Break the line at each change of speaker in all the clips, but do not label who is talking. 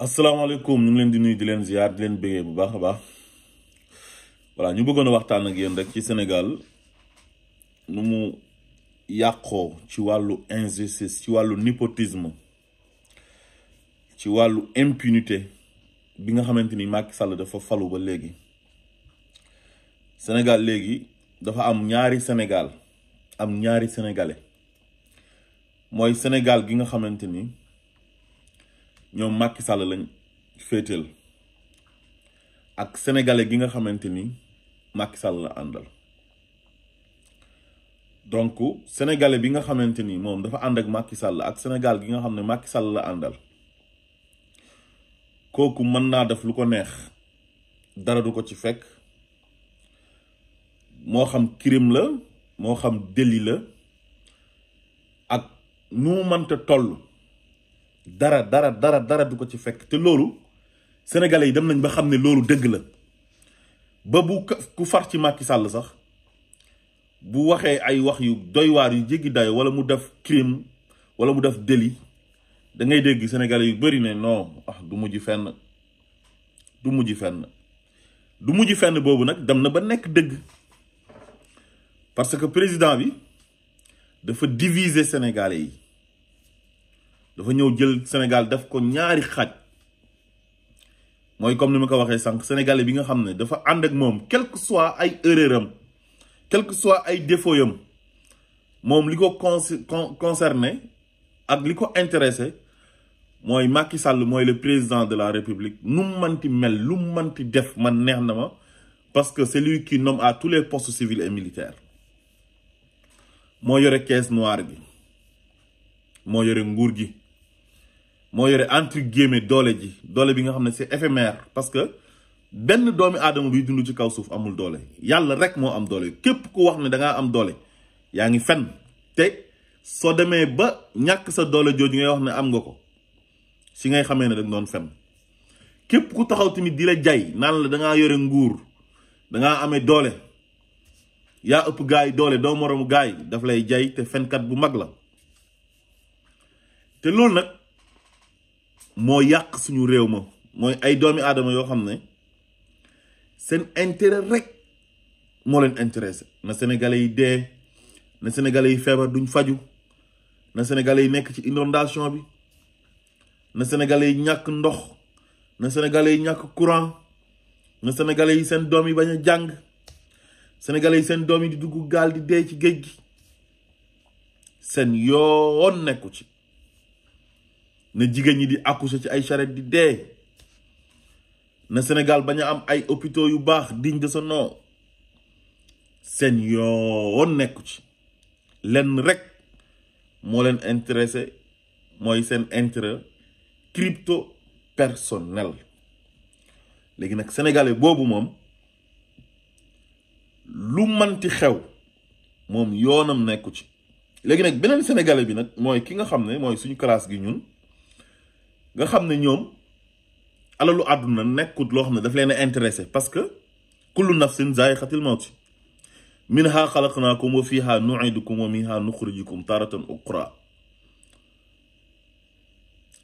Assalamu alaikum, noum len dini, dilen ziyad, dilen beye, bwa bwa bwa Noum begon nou wak tan nge yon, dek ki Senegal Noum yako, ti walo enzesis, ti walo nipotizmo Ti walo empunite Binan hamentini, makisale defo falo be legi Senegal legi, defo am nyari Senegal Am nyari Senegal Mwoy Senegal, binan hamentini ñoom Macky Sall lañ féeteel ak sénégalais gi nga xamante ni Macky Sall la àndal donc sénégalais bi nga xamante ni moom dafa ànd ak Macky Sall ak senegal gi nga xam ne màkki Sall la àndal kooku mën naa def lu ko neex dara du ko ci fekk moo xam crime la moo xam délit la ak nu mu mënta toll. dara dara dara dara du ko ci fekk té lolu sénégalais yi dem nañ ba xamné lolu deug la ba bu ku far ci Macky Sall sax bu waxé ay wax yu doy waar yu jéggi dayo wala mu def crime wala mu def délit da ngay dégg sénégalais yu bari né non ah du mujj fenn du mujj fenn du mujj fenn bobu nak dem na ba nek deug parce que président bi dafa diviser sénégalais yi dafa ñëw jël Sénégal daf ko ñaari xaaj moy comme ni ma ko waxé sank sénégalais bi nga xamné dafa and ak mom quel que soit ay erreuram quel que soit ay défaut mom liko concerné ak liko intéressé mooy Macky Sall moy le président de la République nu manti mel lu manti def man neex parce que c'est lui qui nomme à tous les postes civils et militaires moo yoré caisse noire bi moo yoré ngour gi moo yore entre guillemets doole ji doole bi nga xam ne si éphémère parce que benn doomi aadama bi dund ci kaw suuf amul doole yàlla rek moo am doole képp ku wax ne da am doole yaa ngi fen te soo demee ba ñàkk sa doole jooju ngay wax ne am nga ko si ngay xamee ne dañ doon fen képp ku taxaw tamit di la jay naan la da yore nguur da ngaa amee doole yaa ëpp gaay yi doole doo moroomu gaay yi daf lay jay te fenkat bu mag la te loolu nag. moo yàq suñu réew ma mooy ay doomi aadama yoo xam ne seen intérêt rek moo leen intéressé na sénégalais yi dee na sénégalais yi feebar duñ faju na sénégalais yi nekk ci inondation bi na sénégalais yi ñàkk ndox na sénégalais yi ñàkk courant na sénégalais yi seen doom yi bañ a jàng sénégalais yi seen doom yi di dugg gaal di dee ci géej gi seen yoon nekku ci na jigéen ñi di accoucher ci ay charrette di dee na Sénégal bañ am ay hôpitaux yu baax diñ de son nom seen yoon nekku ci lenn rek moo leen intéressé mooy seen intérêt crypto personnel léegi nag sénégalais boobu moom lu manti xew moom yoonam nekku ci léegi nag beneen sénégalais bi nag mooy ki nga xam ne mooy suñu classe gi ñun nga xam ne ñoom alalu àdduna nekkut loo xam ne daf leen a intéressé parce que kullu nafsin zaa'iqatul mawt minha xalaqnaakum wa fiha nu'idukum wa minha nuxrijukum taratan ukhra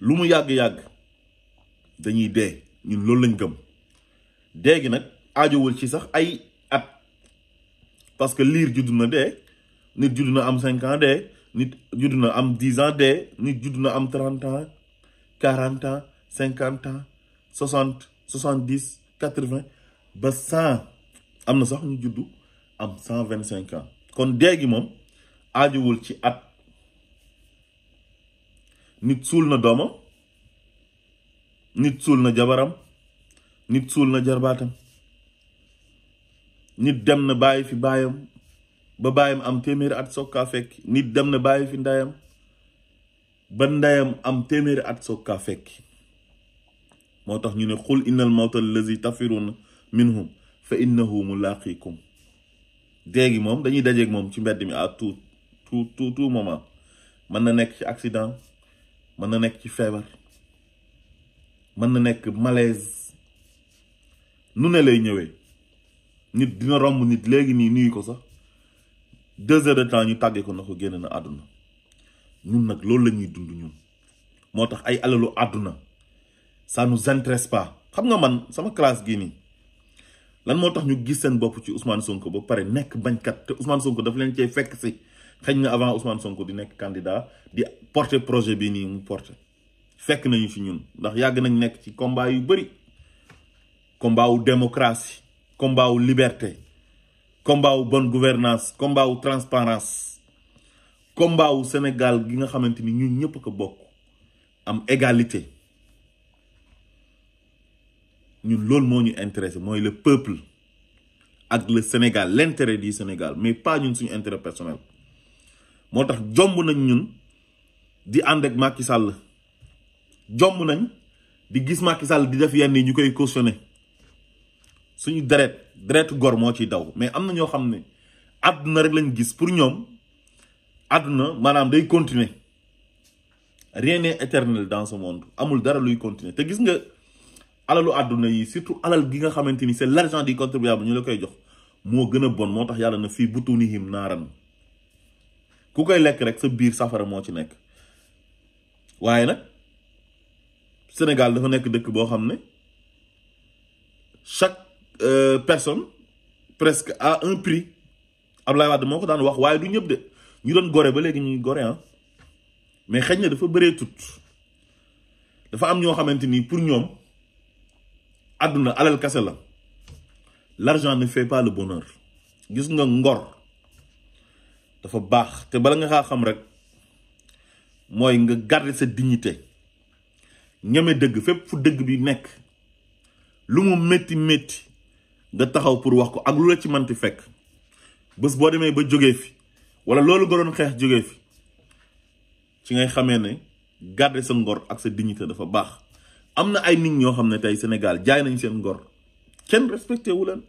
lu mu yàgg-yàgg dañuy dee ñun loolu lañ gëm dee gi nag aajowul ci sax ay at parce que liir judd na dee nit judd na am 5 ans dee nit judd na am 10 ans dee nit judd na am 30 ans quarante ans cinquante ans soixante soixante dix quatre vingt ba cent am na sax ñu juddu am cent vingt cinq ans kon dee moom aajuwul ci at nit suul na doomam nit suul na jabaram nit suul na jarbaatam nit dem na bàyyi fi baayam ba baayam am téeméeri at soog kaa fekk nit dem na bàyyi fi ndeyam ba ndeyam am téeméeri at soog kaa fekki moo tax ñu ne xul innal mawta allazi tafiruuna minhum fa innahu mulaaqikum déegi moom dañuy dajeeg moom ci mbedd mi à tout tout tout tout moment mën na nekk ci accident mën na nekk ci feebar mën na nekk malaise nu ne lay ñëwee nit dina romb nit léegi nii nuyu ko sax deux heures de temps ñu tàggee ko na ko génn na àdduna ñun nag loolu lañuy ñuy dund ñun moo tax ay alalu àdduna ça nous intéresse xam nga man sama classe gii nii lan moo tax ñu gis seen bopp ci Ousmane Sonko ba pare nekk bañkat te Ousmane Sonko daf leen cay fekk si xëñ na avant Ousmane Sonko di nekk candidat di porter projet bii nii mu porter fekk nañu ci ñun ndax yàgg nañ nekk ci combat yu bëri combat wu démocratie combat wu liberté combat wu bonne gouvernance combat wu transparence combat wu Sénégal gi nga xamanteni ñun ñëpp ko bokk am égalité ñun lool mo ñu intéressé moy le peuple ak le Sénégal l'intérêt du Sénégal mais pas ñun suñu intérêt personnel motax nañ ñun di and ak Macky Sall jomb nañ di gis Macky Sall di def yenn ñu koy cautionner suñu dérèt dérèt gor mo ci daw mais am ño xamné xam rek lañ gis pour ñom aduna manam day continuer rien n'est éternel dans ce monde amul dara luy continuer te gis nga alalu aduna yi surtout alal gi nga xamanteni c'est l'argent du contribuable ñu la koy jox mo gëna bon moo tax na fi butunihim naran. ku koy lekk rek sa biir safara mo ci nekk waye nak Sénégal dafa nekk dëkk bo xamné chaque euh, personne presque à un prix Abdoulaye wad moko daan wax waye du ñëpp de ñu doon gore ba léegi ñuy gore ah mais xëy na dafa bëree tut dafa am ñoo xamante ni pour ñoom àdduna alal kase la l'argent ne fait pas le bonheur gis nga ngor dafa baax te bala nga kaa xam rek mooy nga garder sa dignité ñeme dëgg fépp fu dëgg bi nekk lu mu métti métti nga taxaw pour wax ko ak lu la ci manti fekk bés boo demee ba jógee fi wala lolou nga xex xeex fi ci ngay xamé né garder sa ngor ak sa dignité dafa bax amna ay nit ñoo xamné tay sénégal jaay nañ sen ngor kenn respecté wu leen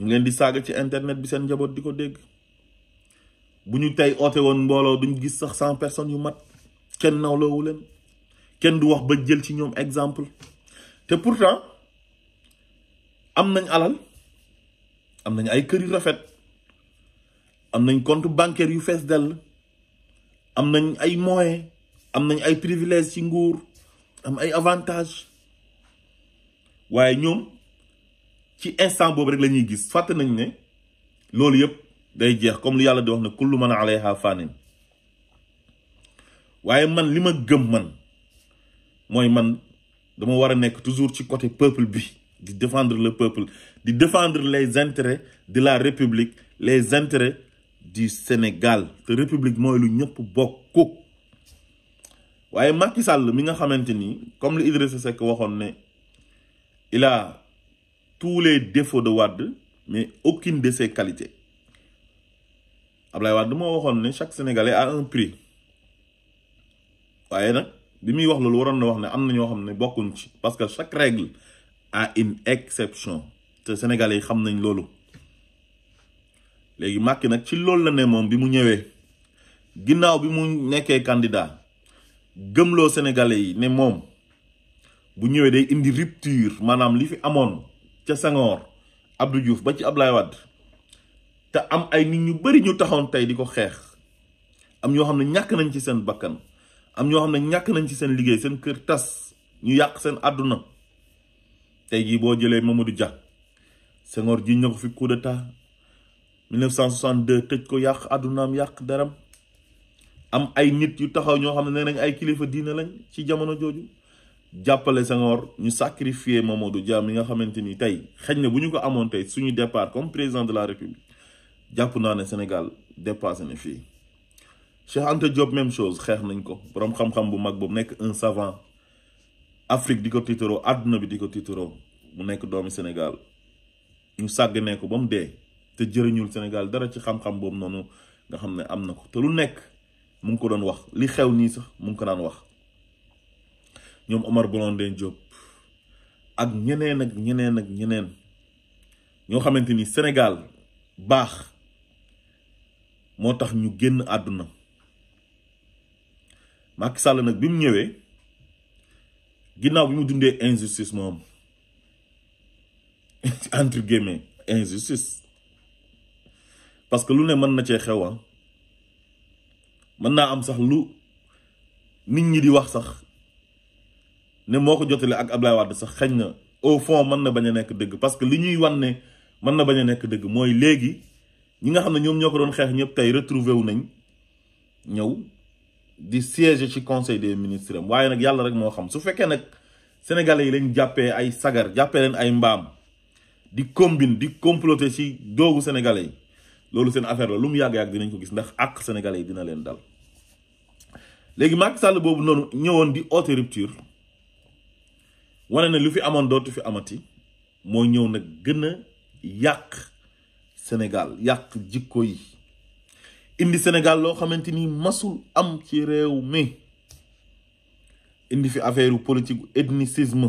ñu leen di saaga ci internet bi sen njaboot di dégg bu ñu tey oote woon mbooloo duñ gis sax 100 personnes yu mat kenn wu leen kenn du wax ba jël ci ñom exemple té pourtant am nañ alal am ay kër yu rafet am nañ compte bancaire yu fess dell am nañ ay moyens am nañ ay privilèges ci ngour am ay avantages waye ñom ci instant bobu rek lañuy ñuy gis nañ ne lool yëpp day jeex comme lu yalla di wax na kullu man alayha fanin waye man lima gëm man moy man dama war nek nekk toujours ci côté peuple bi di défendre le peuple di défendre les intérêts de la république les intérêts du Sénégal la république mooy lu république bokk waaye Macky Sall mi nga xamante comme li Idrissa Seck waxoon il a tous les défauts de Wade mais aucune de ses qualités Ablaye Wade moo waxoon ne chaque Sénégalais a un prix waaye nag bi muy wax loolu waroon na wax un am ñoo parce que chaque règle a une exception te Sénégalais yi xam nañ léegi Macky nag ci loolu la ne moom bi mu ñëwee ginnaaw bi mu nekkee candidat gëmloo sénégalais yi ne moom bu ñëwee day indi rupture maanaam li fi amoon ca Senghor abdu juuf ba ci Abdoulaye Wade te am ay nit ñu bari ñu taxoon tey di ko xeex am ñoo xam ne ñàkk nañ ci seen bakkan am ñoo xam ne ñàkk nañ ci seen liggéey seen kër tas ñu yàq seen àdduna tey jii boo jëlee Mamadou Dia Senghor ji na ko fi coup 1962 tëj ko yak adunaam yak daram am ay nit yu taxaw ño xamne ne nañ ay kilifa diina lañ ci jamono jooju jàppale Senghor ñu sacrifier Mamadou diam mi nga xamanteni tay tey na ko amoon tay suñu départ comme président de la république jàpp naa ne Sénégal dépassé na fi Cheikh Anta Diop même chose xex nañ ko borom xam-xam bu mag bu nek un savant Afrique di ko aduna bi di ko mu nek doomi Sénégal ñu sàgg ko ba dé te jëriñul Sénégal dara ci xam-xam boobu noonu nga xam ne am na ko te lu nekk mu ngi ko doon wax li xew nii sax mu ngi ko daan wax ñoom Omar de Diop ak ñeneen ak ñeneen ak ñeneen ñoo xamante ni Sénégal baax moo tax ñu génn àdduna Macky Sall nag bi mu ñëwee ginnaaw bi mu dundee injustice moom entre guillemets injustice parce que lu ne mën na cee xew ah mën naa am sax lu nit ñi di wax sax ne moo ko jotale ak Ablaye Wade sax xëy na au fond mën na bañ a nekk dëgg parce que li ñuy wan ne mën na bañ a nekk dëgg mooy léegi ñi nga xam ne ñoom ñoo ko doon xeex ñëpp tey retrouver wu nañ ñëw di siège ci conseil des ministre am waaye nag yàlla rek moo xam su fekkee nag sénégalais yi lañ jàppee ay sagar jàppee leen ay mbaam di combine di comploter ci doogu sénégalais yi. loolu seen affaire la lu mu yàgg-yàgg dinañ ko gis ndax ak sénégalais yi dina leen dal léegi Macky Sall boobu noonu ñëwoon di haute rupture wane na lu fi amoon dootu fi amati moo ñëw nag gën yàq Sénégal yàq jikko yi indi Sénégal loo xamante ni masul am ci réew mi indi fi affaire politique ethnicisme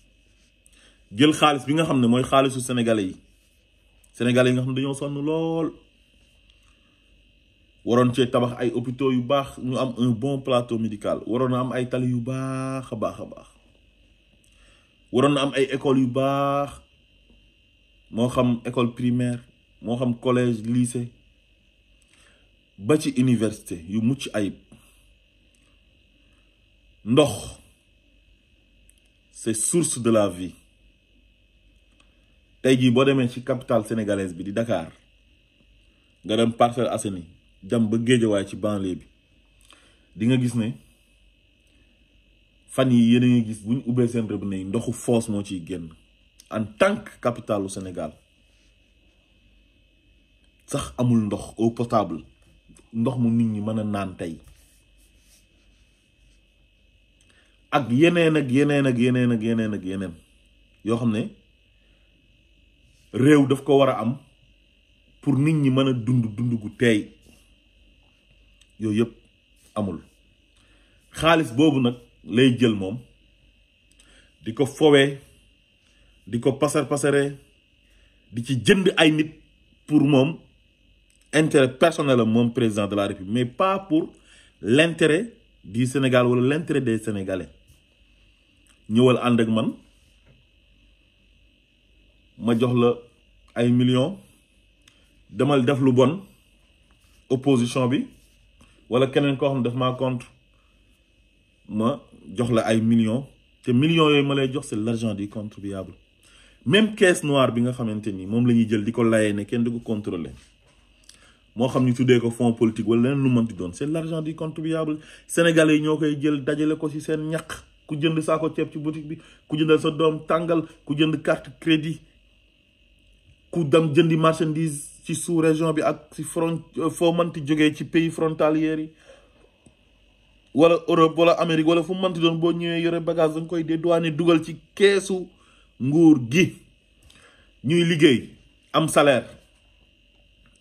jël xaalis bi nga xamne moy mooy xaalisu sénégalais yi sénégalais yi nga xamne ne dañoo sonn lool waroon ci tabax ay hôpitaux yu bax ñu am un bon plateau médical waroon am ay tali yu bax a baax a am ay écoles yu bax mo xam école primaire mo xam collège lycée ba ci université yu mucc ayib ndox c'est source de la vie tey jii boo demee ci capital sénégalaise bi di dakaar nga dem Parcelles Assainies jam ba Géejawaay ci banlieue bi di nga gis ne fan yi yéen a ngi gis bu ñu ubbee seen robinet yi ndoxu foos moo ciy génn en tant capitalu Sénégal sax amul ndox eau potable ndox mu nit ñi mën a naan tey ak yeneen ak yeneen ak yeneen ak yeneen ak yeneen yoo xam ne. réew daf ko war a am pour nit ñi mën a dund dund gu teey yooyu yëpp amul xaalis boobu nag lay jël moom di ko foowee di ko pasar pasare di ci jënd ay nit pour moom intérêt personnel am moom président de la république mais pas pour l'intérêt du Sénégal wala l'intérêt des Sénégalais ñëwal ànd ak man ma jox la ay millions demal def lu bon opposition bi wala keneen ko xamne def ma contre ma jox la ay millions te millions yooyu ma lay jox c'est l'argent du contribuable même caisse noire bi nga xamante ni moom la ñuy jël di ko layee ne kenn du ko contrôler moo xam ñu tuddee ko fonds politique wala leneen lu mënti doon c'est l'argent du contribuable sénégalais yi ñoo koy jël dajale ko ci seen ñaq ku jënd saako ceeb ci boutique bi ku jëndal sa doom tàngal ku jënd carte crédit ku dem jëndi marchandise ci sous région bi ak ci front euh, foo manti jógee ci pays frontalières yi wala Europe wala Amérique wala fu mënti doon boo ñëwee yore bagage danga koy dédouané dugal ci keesu nguur gi ñuy liggéey am salaire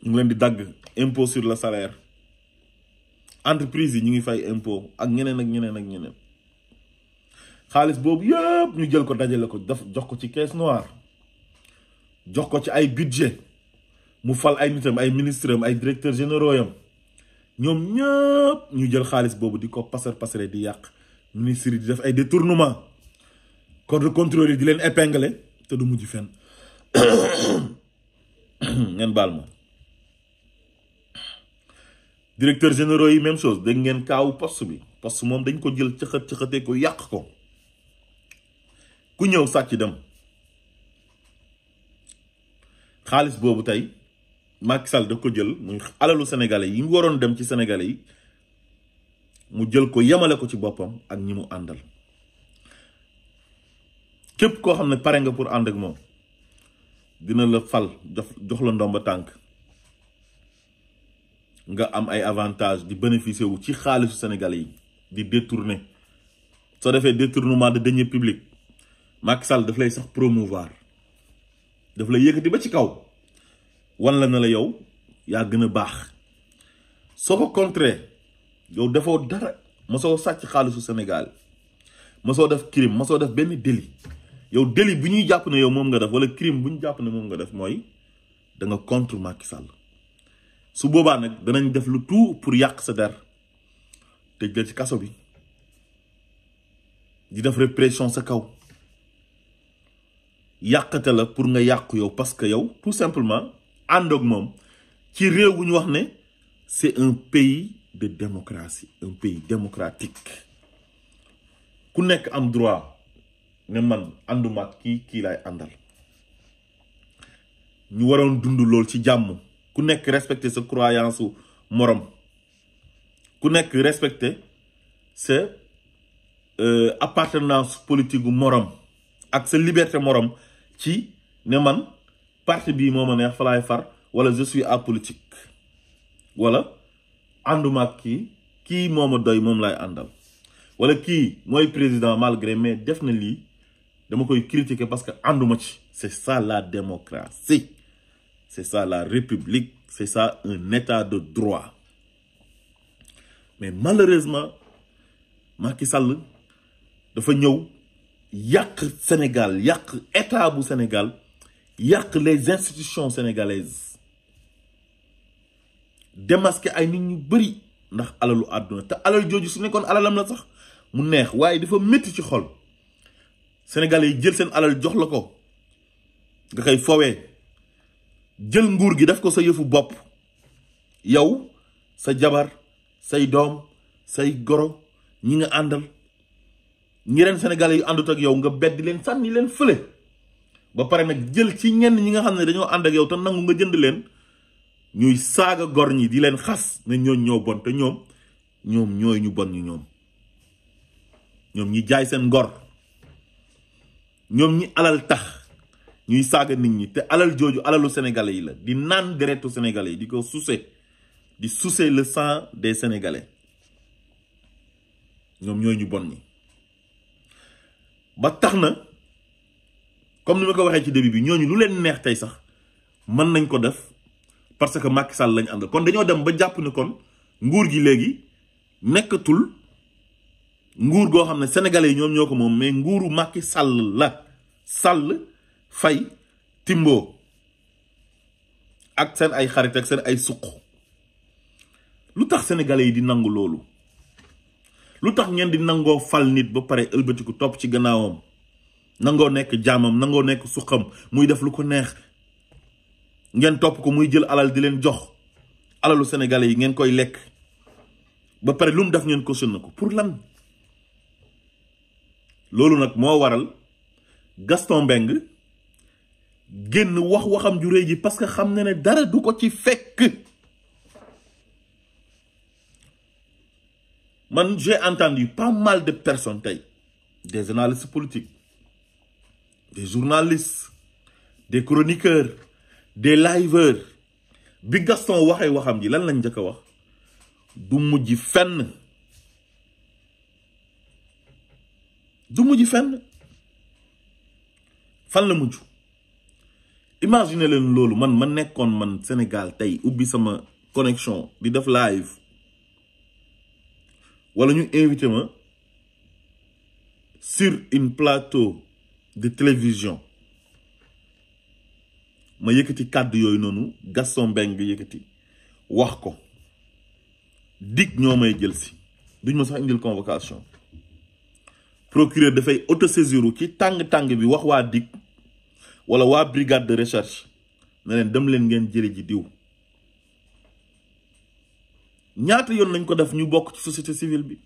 ñu ngi leen di dagg impôt sur le salaire entreprise yi ñu ngi fay impôt ak ñeneen ak ñeneen ak ñeneen xaalis boobu yëpp ñu jël ko dajale ko def jox ko ci caisse noire jox ko ci ay budget mu fal ay nitam ay ministre am ay directeurs généraux yam ñoom ñëpp ñu jël xaalis boobu di ko pasar pasare di yàq ministre yi di def ay détournement corps de contrôle yi di leen épingler te du mujj fen ngeen baal ma directeurs généraux yi même chose dégg ngeen kaawu poste bi poste moom dañ ko jël cëxat cëxatee ko yàq ko ku ñëw sàcc dem xaalis boobu tey Macky Sall da ko jël muy alalu sénégalais yi mu waroon dem ci sénégalais yi mu jël ko yemale ko ci boppam ak ñi mu àndal képp koo xam ne pare nga pour ànd ak moom dina la fal jox jox la ndomba tànk nga am ay avantages di bénéficier wu ci xaalisu sénégalais yi di détourner soo defee détournement de deniers publics Macky daf lay sax promouvoir daf la yëkkati ba ci kaw wan la na la yow yaa gën a baax soo ko contré yow dafoo dara mosoo sàcc xaalisu Sénégal soo def crime mosoo def benn délit yow délit bi ñuy jàpp ne yow moom nga def wala crime bu ñu jàpp ne moom nga def mooy da nga contre Macky Sall su boobaa nag danañ def lu tout pour yàq sa der tëj la ci kaso bi di def répression sa kaw. yàqate la pour nga yàqu yow parce que yow tout simplement ànd ak moom ci réew bu ñu wax ne c' est un pays de démocratie un pays démocratique ku nekk am droit ne man àndumaat kii kii lay àndal ñu waroon dund lool ci jàmm ku nekk respecter sa croyance morom ku nekk respecter sa euh, appartenance politique morom ak sa liberté morom ci ne man parti bi moo ma neex fa far wala je suis apolitique wala anduma ki ki kii doy mom lay àndal wala moi, président malgré mais def na li dama koy critiquer parce que anduma ci c'est ça la démocratie c'est ça la république c'est ça un état de droit mais malheureusement Macky Sall dafa ñëw yàq Sénégal yàq état bu Sénégal yàq les institutions sénégalaises démasqué ay nit ñu bëri ndax alalu aduna te alal joju su nekkoon alalam la sax mu neex waye dafa metti ci xol Sénégalais yi jël sen alal jox la ko nga kay fowé jël nguur gi daf ko sa yëfu bop yow sa jabar say doom say goro ñi nga ñeneen sénégalais yu andut ak yow nga bedd leen sanni leen feulé ba paré nak jël ci ñenn ñi nga xamné dañoo and ak yow te nangu nga jënd leen ñuy saga gor ñi di leen xass né ñooñ ñoo bon té ñoom ñoom ñoy ñu bon ñu ñoom ñoom ñi jaay seen gor ñoom ñi alal tax ñuy saga nit ñi té alal joju alalu sénégalais yi la di nan deretu sénégalais di ko di soussé le sang des sénégalais ñoom ñoy ñu bon ñi ba tax na comme ni ma ko waxee ci début bi ñooñu lu leen neex tey sax mën nañ ko def parce que Macky Sall lañ àndal kon dañoo dem ba jàpp ne kon nguur gi léegi nekkatul nguur goo xam ne sénégalais yi ñoom ñoo ko moom mais nguuru Macky Sall la Sall fay timboo ak seen ay xarit ak seen ay suq lu tax sénégalais yi di nangu loolu. lutax ngeen di nango fal nit ba pare ko top ci gannaawam nango nek jamam nango nek suqam muy def lu ko neex ngeen top ko muy jël alal di len jox alalu sénégalais yi ngeen koy lek ba pare lu mu def ngeen cautionné ko pour lan loolu nak mo waral gaston Beng genn wax waxam ju reej ji parce que xamne ne dara du ko ci fekk man j'ai entendu pas mal de personnes des analystes politiques des journalistes des chroniqueurs des liveurs bi Gaston waxee waxam ji lan lañ njëkk a wax du mujj fenn du mujj fenn fan la mujj imaginez leen loolu man ma man Sénégal tay, ubi sama connexion di def live voilà nous invité sur une plateau de télévision ma y kaddu yoy noonu Gaston Mbengue yëkkati wax ko dig ñomay jël si duñ ma sax convocation procureur ci tang tang bi wax wa dig wala wa brigade de recherche dem ngeen ñaata yoon lañ ko def ñu bokk ci société civile bi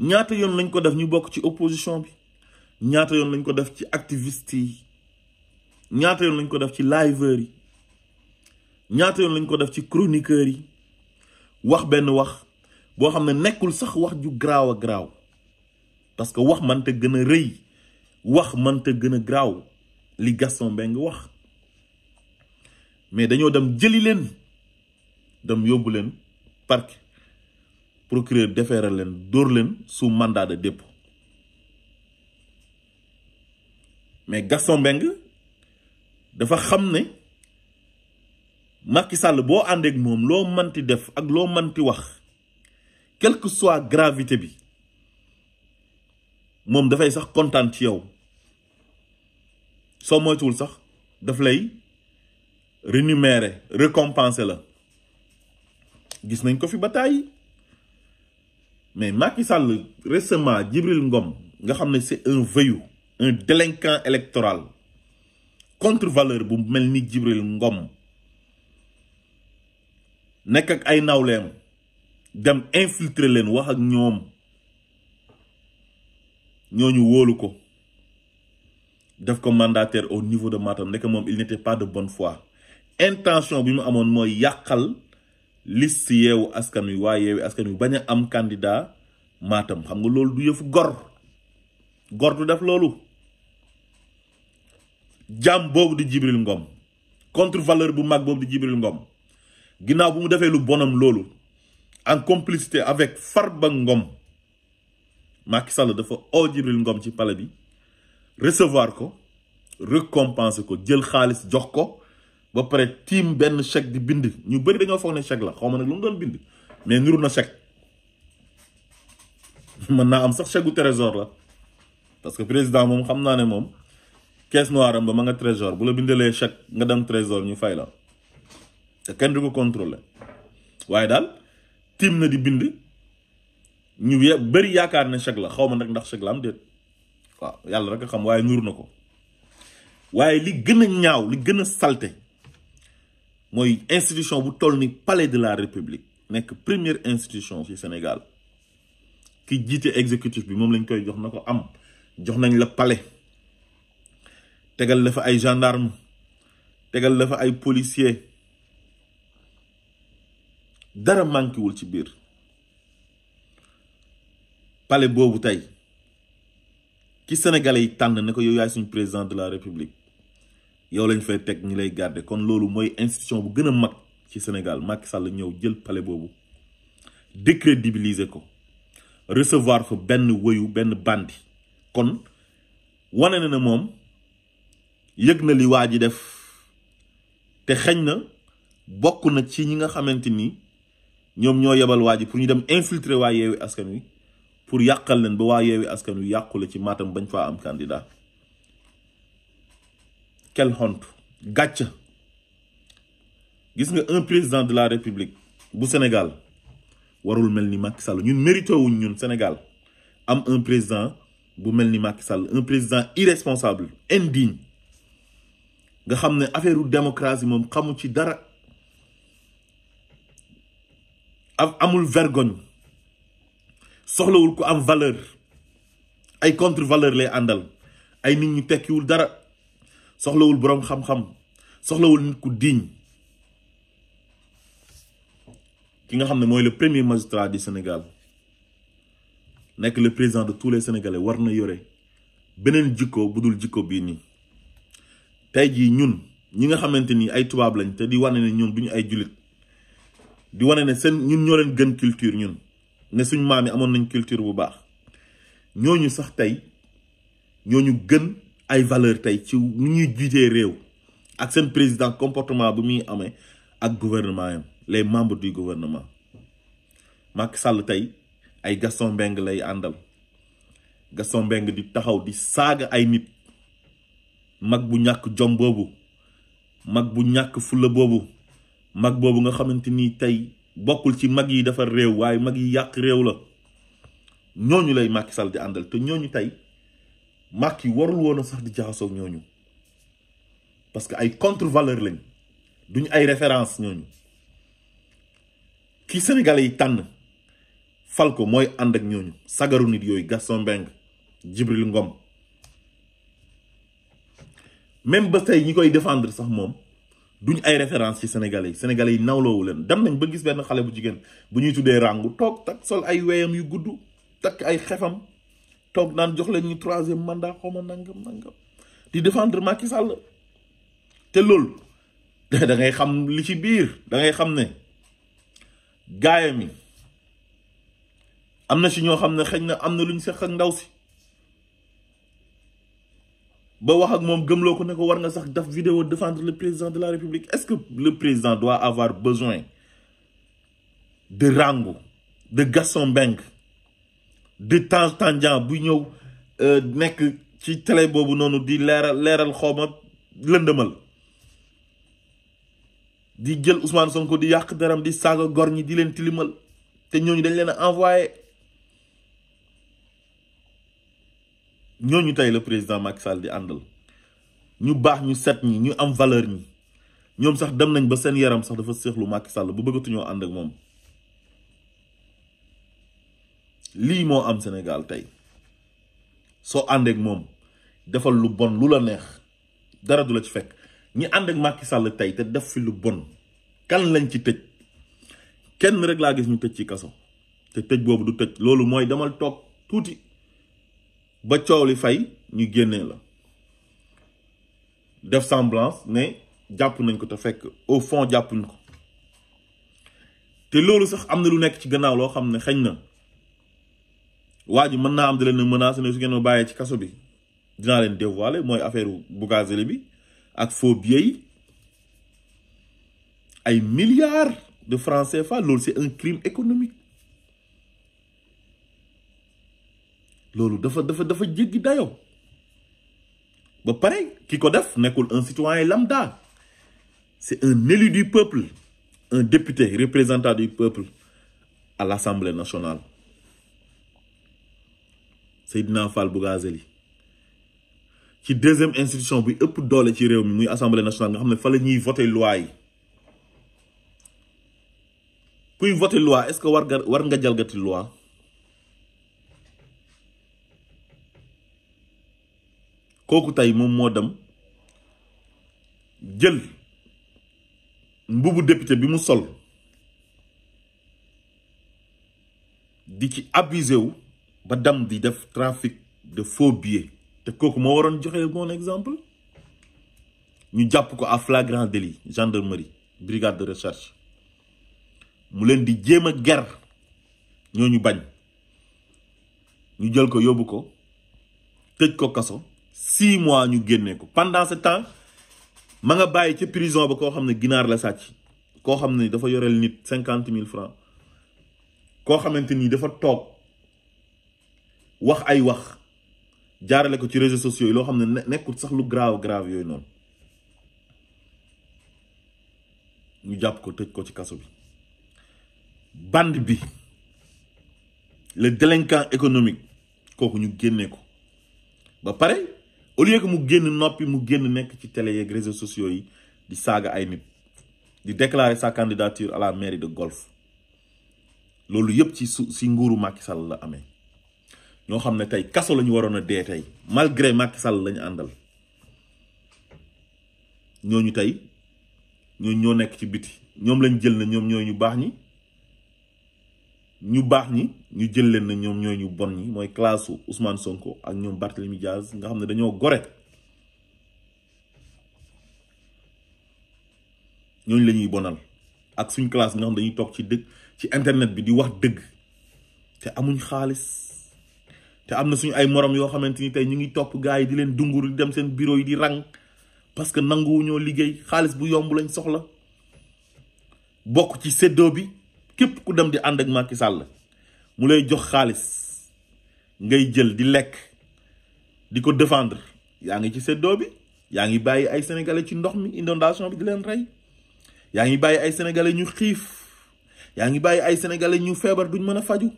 ñaata yoon lañ ko def ñu bokk ci opposition bi ñaata yoon lañ ko def ci activiste yi ñaata yoon lañ ko def ci liveur yi ñaata yoon lañ ko def ci chroniqueur yi wax benn wax boo xam ne nekkul sax wax ju graaw a graaw parce que wax man te gën a rëy wax man te gën a graaw li Gaston Mbengue wax mais dañoo dem jëli leen dem yóbbu leen. parquet procureur déféré leen d'or leen sous mandat de dépôt mais Gaston Beng dafa xamné ne Macky Sall boo mom moom loo manti def ak lo manti wax quelle que soit gravité bi da fay sax kontaan ci yow so moytuwul sax daf lay rémunérer récompenser la gis nañ ko fi bataille, mais Macky Sall récemment Djibril Ngom nga xamné c'est un veillou un délinquant électoral contre-valeur bu melni Djibril Ngom nek ak ay nawlem dem infiltrer len wax ak ñom ñooñu wóolu ko def ko mandataire au niveau de Matam nek mom il n'était pas de bonne foi intention bi mu amone moy yakal liste yeewu askan wi waa yeewi candidat Matam xam nga du gor gor du def loolu jàmm boobu di Jibril Ngom contre valeur bu mag boobu di Jibril Ngom ginnaaw bu mu lu bonam loolu en complicité avec Farba Ngom Macky Sall dafa Jibril Ngom ci bi recevoir ko récompenser ko jël xaalis jox ba pare tiim benn chèque di bind ñu bëri dañoo foog ne chèque la xaw ma nag lu mu doon bind mais niru na chèque mën naa am sax chèque gu la parce que président moom xam naa ne moom caisse noire am ba ma nga trésor bu la bindalee chèque nga dem trésor ñu fay la te kenn du ko contrôler waaye daal tiim na di bind ñu ye bëri yaakaar ne chèque la xaw ma nag ndax chèque la am déet waaw yàlla rek a xam waaye niru na ko waaye li gën a ñaaw li gën a salte moi institution vous toll palais de la république que première institution au Sénégal qui dit exécutif bi mom lañ koy jox am jox nañ palais tégal la fa ay gendarme tégal la fa ay policier dara wul ci bir palais Sénégalais yi président de la république yow lañ fay teg ñi lay garde kon loolu mooy institution bu gën a mag ci Sénégal Macky Sall ñëw jël pale boobu décrédibiliser ko recevoir fa benn wëyu benn bandi kon wane na ne moom yëg na li waa ji def te xëñ na bokk na ci ñi nga xamante ni ñoom ñoo yebal waa ji pour ñu dem infiltrer waa yeewi askan wi pour yàqal leen ba waa yeewi askan wi yàqule ci Matam bañ faa am candidat quelle honte gàcc gis nga un président de la république bu Sénégal warul mel ni Macky Sall ñun mérité wuñ ñun Sénégal am un président bu mel ni Macky Sall un président irresponsable indigne nga xam ne affaire u démocratie moom xamu ci dara amul vergogne soxlawul ku am valeur ay contre valeur lay àndal ay nit ñu tekkiwul dara soxlawul boroom xam-xam soxlawul nit ku digne ki nga xam ne mooy le premier magistrat du Sénégal nekk le président de tous les war na yore beneen jikko bu dul jikko bii nii tey jii ñun ñi nga xamante ni ay tubaab lañ te di wane ne ñoom duñu ay jullit di wane ne seen ñun ñoo leen gën culture ñun ne suñ maam yi amoon nañ culture bu baax ñoo ñu sax tey ñooñu gën ay valeur tey ci nu ñuy jiitee réew ak seen président comportement bu muy amee ak gouvernement yam les membres du gouvernement Macky Sall tey ay Gaston beng lay àndal Gaston Mbengue di taxaw di saaga ay nit mag bu ñàkk jom boobu mag bu ñàkk fulla boobu mag boobu nga xamante ni tey bokkul ci mag yi defar réew waaye mag yi yàq réew la ñooñu lay Macky Sall di àndal te ñooñu tey yi warul woon a sax di jaxasoog ñooñu parce que ay contre valeur lañ duñu ay référence ñooñu ki Sénégalais yi tànn fal ko mooy ànd ak ñooñu sagaru nit yooyu Gaston Mbengue Djibril Ngom même ba tey ñi koy défendre sax moom duñ ay référence ci Sénégalais yi Sénégalais yi nawloowu leen dem nañ ba gis benn xale bu jigéen bu ñuy tuddee ràngu toog takk sol ay weyam yu gudd takk ay xefam tok nan jox leen troisième mandat xaw défendre Macky Sall te da ngay xam li ci da ngay ne si ne xëy vidéo défendre le président de la république est-ce que le président doit avoir besoin de Rango, de Gaston Bengue, de temps en temps bu ñëw euh, nekk ci télé boobu noonu di leeral leeral xawma lëndëmal di jël Ousmane Sonko di yàq daram di saaga gor ñi di leen tilimal te ñooñu dañ leen a envoyé ñu tey la président Macky Sall di àndal ñu baax ñu set ñi ñu am valeur ñi ñoom sax dem nañ ba seen yaram sax dafa séexlu Macky Sall bu bëggatuñoo ànd ak moom lii moo am Sénégal tey soo àndeek moom defal lu bon lu la neex dara du la ci fekk ñi ànd ak Macky Sall tey te def fi lu bon kan lañ ci tëj kenn rek laa gis ñu tëj ci kaso te tëj boobu du tëj loolu mooy demal toog tuuti ba coow li fay ñu génnee la def semblance ne jàpp nañ ko te fekk au fond jàppuñ ko te loolu sax am na lu nekk ci gannaaw loo xam ne xëy na waa ji mën naa am da leen a menacé ne su ngeen ma ci kasso bi dina len dévoiler moy affaire Bougazelli bi ak faux billets yi ay milliards de francs CFA loolu c'est un crime économique loolu dafa dafa dafa jéggi dayo ba paré kiko def nekkul un citoyen lambda c'est un élu du peuple un député représentant du peuple à l'Assemblée nationale Seydina Fall Bougazelli ci deuxième institution bi ëpp doole ci réew mi muy assemblée nationale nga xam ne fa ñuy voté loi yi kuy voté loi est-ce que war nga war nga jalgati loi kooku tey moom moo dem jël mbubu député bi mu sol di ci abusé wu ba dam di def trafic de faux billets te kooku mo waroon joxe bon exemple ñu japp ko à flagrant délit gendarmerie brigade de recherche mu len di jéem guerre ñoñu bañ ñu jël ko yóbbu ko tëj ko kasso 6 mois ñu génnee ko pendant ce temps ma nga bàyyi ci prison ba ko xamné ne la sàcc ko xamné dafa yorel nit 50000 francs ko xamante ni dafa tok wax ay wax jaarale ko ci réseaux sociaux yi loo xam ne nekkul sax lu grave grave yooyu noonu ñu jàpp ko tëj ko ci kaso bi bande bi le délinquant économique kooku ñu génnee ko ba pare au lieu que mu génn noppi mu génn nekk ci télé yeeg réseaux sociaux yi di saaga ay nit di déclarer sa candidature à la mairie de Golf loolu yépp ci si nguuru Macky Sall la amee ñoo xam ne tey kaso lañu waroon a dee tey malgré Macky Sall lañu àndal ñooñu tey ñooñu ñoo nekk ci biti ñoom lañ jël na ñoom ñooy ñu baax ñi ñu baax ñi ñu jël leen na ñoom ñooy ñu bon ñi mooy classe Ousmane Sonko ak ñoom Barthélemy Diaz nga xam ne dañoo gore ñooñu la ñuy bonal ak suñ classe nga xam dañuy toog ci dëgg ci internet bi di wax dëgg te amuñ xaalis te am na suñu ay morom yoo xamante ni tey ñu ngi topp gars yi di leen dunguru di dem seen bureau yi di rang parce que nanguwuñoo liggéey xaalis bu yomb lañ soxla bokk ci séddoo bi képp ku dem di ànd ak Macky Sall mu lay jox xaalis ngay jël di lekk di ko défendre yaa ngi ci seddo bi yaa ngi bàyyi ay sénégalais ci ndox mi inondation bi di leen rey yaa ngi bàyyi ay sénégalais ñu xiif yaa ngi bàyyi ay sénégalais ñu feebar duñ mën a faju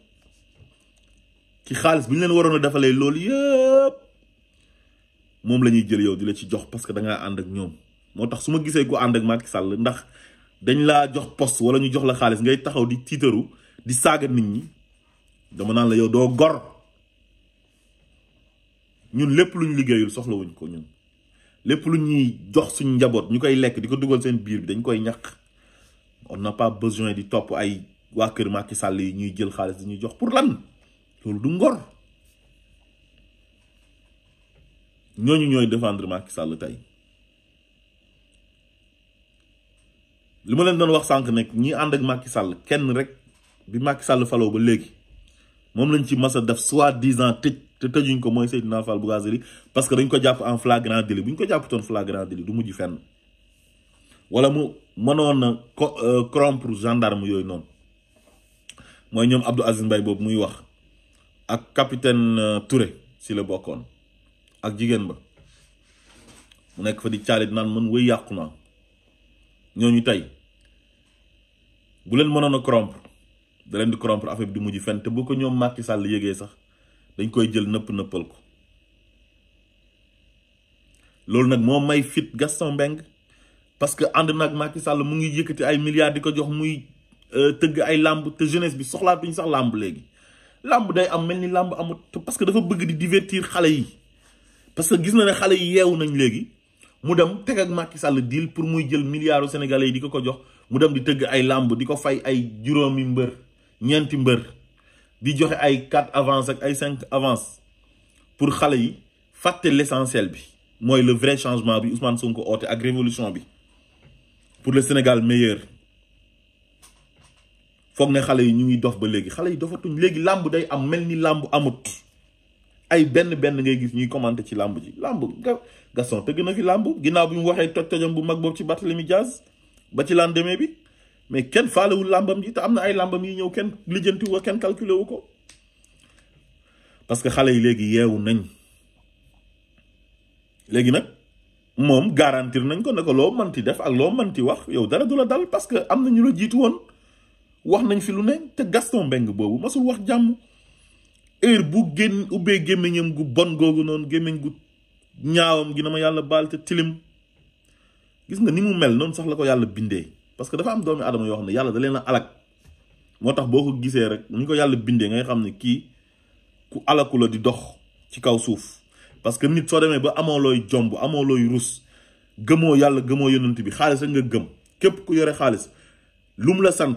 ki xaliss bi ñu leen waroon a defalee loolu yëpp jël yow di ci jox parce que da nga and ak ñom motax suma gisé ko and ak Macky Sall ndax dañ la jox poste wala ñu jox la xaliss ngay taxaw di titeru di saga nit ñi dama nan la yow do gor ñun lepp luñu liggéeyul soxla wuñ ko ñun lepp luñu jox suñu njabot ñukay lek diko di ko seen biir bi dañ koy ñak on n'a pas besoin di top, ay wa keur Macky Sall yi ñuy jël xaliss ñuy jox pour lan loolu du ngor ñooñu ñooy défendre Macky Sall tey li ma leen doon wax sànq nag ñi ànd ak Macky Sall kenn rek bi Macky Sall falo ba léegi moom lañ ci mas def def soi-disant tëj te tëjuñ ko mooy Seydina Fall Bougazelli parce que dañ ko jàpp en flagrant délit bu ñu ko jàpputoon flagrant délit du mujj fenn wala mu mënoon na euh, corrompre gendarme yooyu noonu mooy ñoom Abdou Aziz Mbaye boobu muy wax ak capitaine euh, Touré si la bokkoon ak jigéen ba mu nekk fa di caalit naan mën wéy yàqu naa ñooñu tey bu leen mënoon a corrompre da di corrompre affaire bi di mujj fenn te bu ko ñoom Macky Sall yégee sax dañ koy jël nëpp nëppal ko loolu nag moo may fit Gaston Mbengue parce que ànd nag Macky Sall mu ngi yëkkati ay milliards di ko jox muy euh, tëgg ay làmb te jeunesse bi soxlaatuñ sax làmb léegi lamb day am melni lamb amut parce que dafa bëgg di divertir xalé yi parce que gis na né xalé yi yeewu nañ légui mu dem teg ak Macky Sall deal pour muy jël milliards sénégalais yi di ko jox mu dem di tëgg ay lamb di fay ay juromi mbeur ñenti mbeur di joxe ay 4 avance ak ay 5 avance pour xalé yi faté l'essentiel bi moy le vrai changement bi Ousmane Sonko oté ak révolution bi pour le Sénégal meilleur foog ne xale yi ñu ngi dof ba léegi xale yi dofatuñ léegi làmb day am mel ni làmb amut ay benn benn ngay gis ñuy commenté ci làmb ji làmb ga Gaston tëgg na fi làmb ginnaaw bi mu waxee toj tojam bu mag boobu ci mi Diaz ba ci lendemain bi mais kenn faalewul làmbam ji te am na ay làmbam yi ñëw kenn lijjantiwu ko kenn calculé wu ko parce que xale yi léegi yeewu nañ léegi nag moom garantir nañ ko ne ko loo manti def ak loo manti wax yow dara du la dal parce que am na ñu la jiitu woon wax nañ fi lu ne te Gaston Mbengue boobu masul wax jàmm heure bu génn ubbee gémmiñam gu bon googu noonu gémmiñ gu ñaawam gi na ma yàlla baal ca tilim gis nga ni mu mel noonu sax la ko yàlla bindee parce que dafa am doomi adama yoo xam ne yàlla da leen moo tax boo gisee rek ni ko yàlla bindee ngay xam ne kii ku alaku la di dox ci kaw suuf parce que nit soo demee ba amoo looy jomb amoo looy rus gëmoo yàlla gëmoo yonant bi xaalis rek nga gëm képp ku yore xaalis lu mu la sant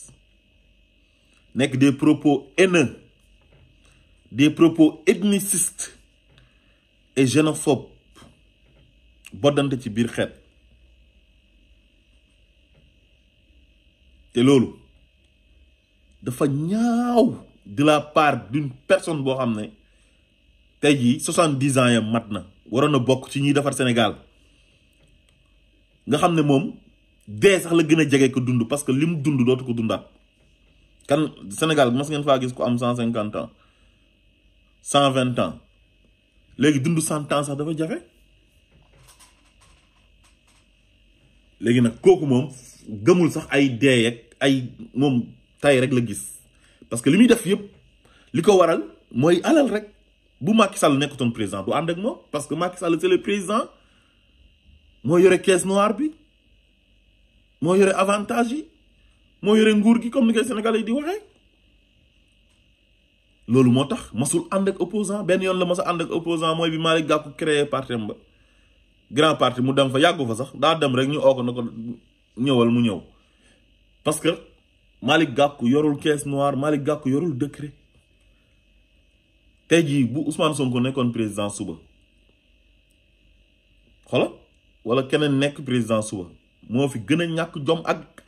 nekk des propos haineux des propos ethnicistes et xénophobes boddante ci biir xeet te loolu dafa ñaaw de la part d'une personne boo xam ne tey jii soixante-dix ans ya mat na waroon na bokk ci ñuy defar Sénégal nga xam ne moom dee sax la gën a jege ko dund parce que li mu dund dootu ko dundaat can Sénégal, je pense que je suis 150 ans. 120 ans. Les gens 100 ans, ça devait être fait. Les gens qui ont fait ça, ils ont fait des idées, ils ont fait Parce que les gens qui ont fait ça, ils ont fait des règles. Si je suis un président, je Parce que Macky Sall, c'est le président. Moi, il y aurait caisse noire. Moi, il y aurait avantage. moo yore nguur gi comme ni koy sénégalais di waxe lolou motax masul andek ak opposant ben yon la massa and ak opposant moy bi malik Gakou créer parti mba grand parti mu dem fa yagou fa sax daa dem rek ñu oko nako ñewal mu ñew parce que malik Gakou yorul caisse noire malik Gakou yorul décret tay ji bu Ousmane Sonko nekkoon président suba xoolal wala kenen nek président suba mo fi gëna ñak jom ak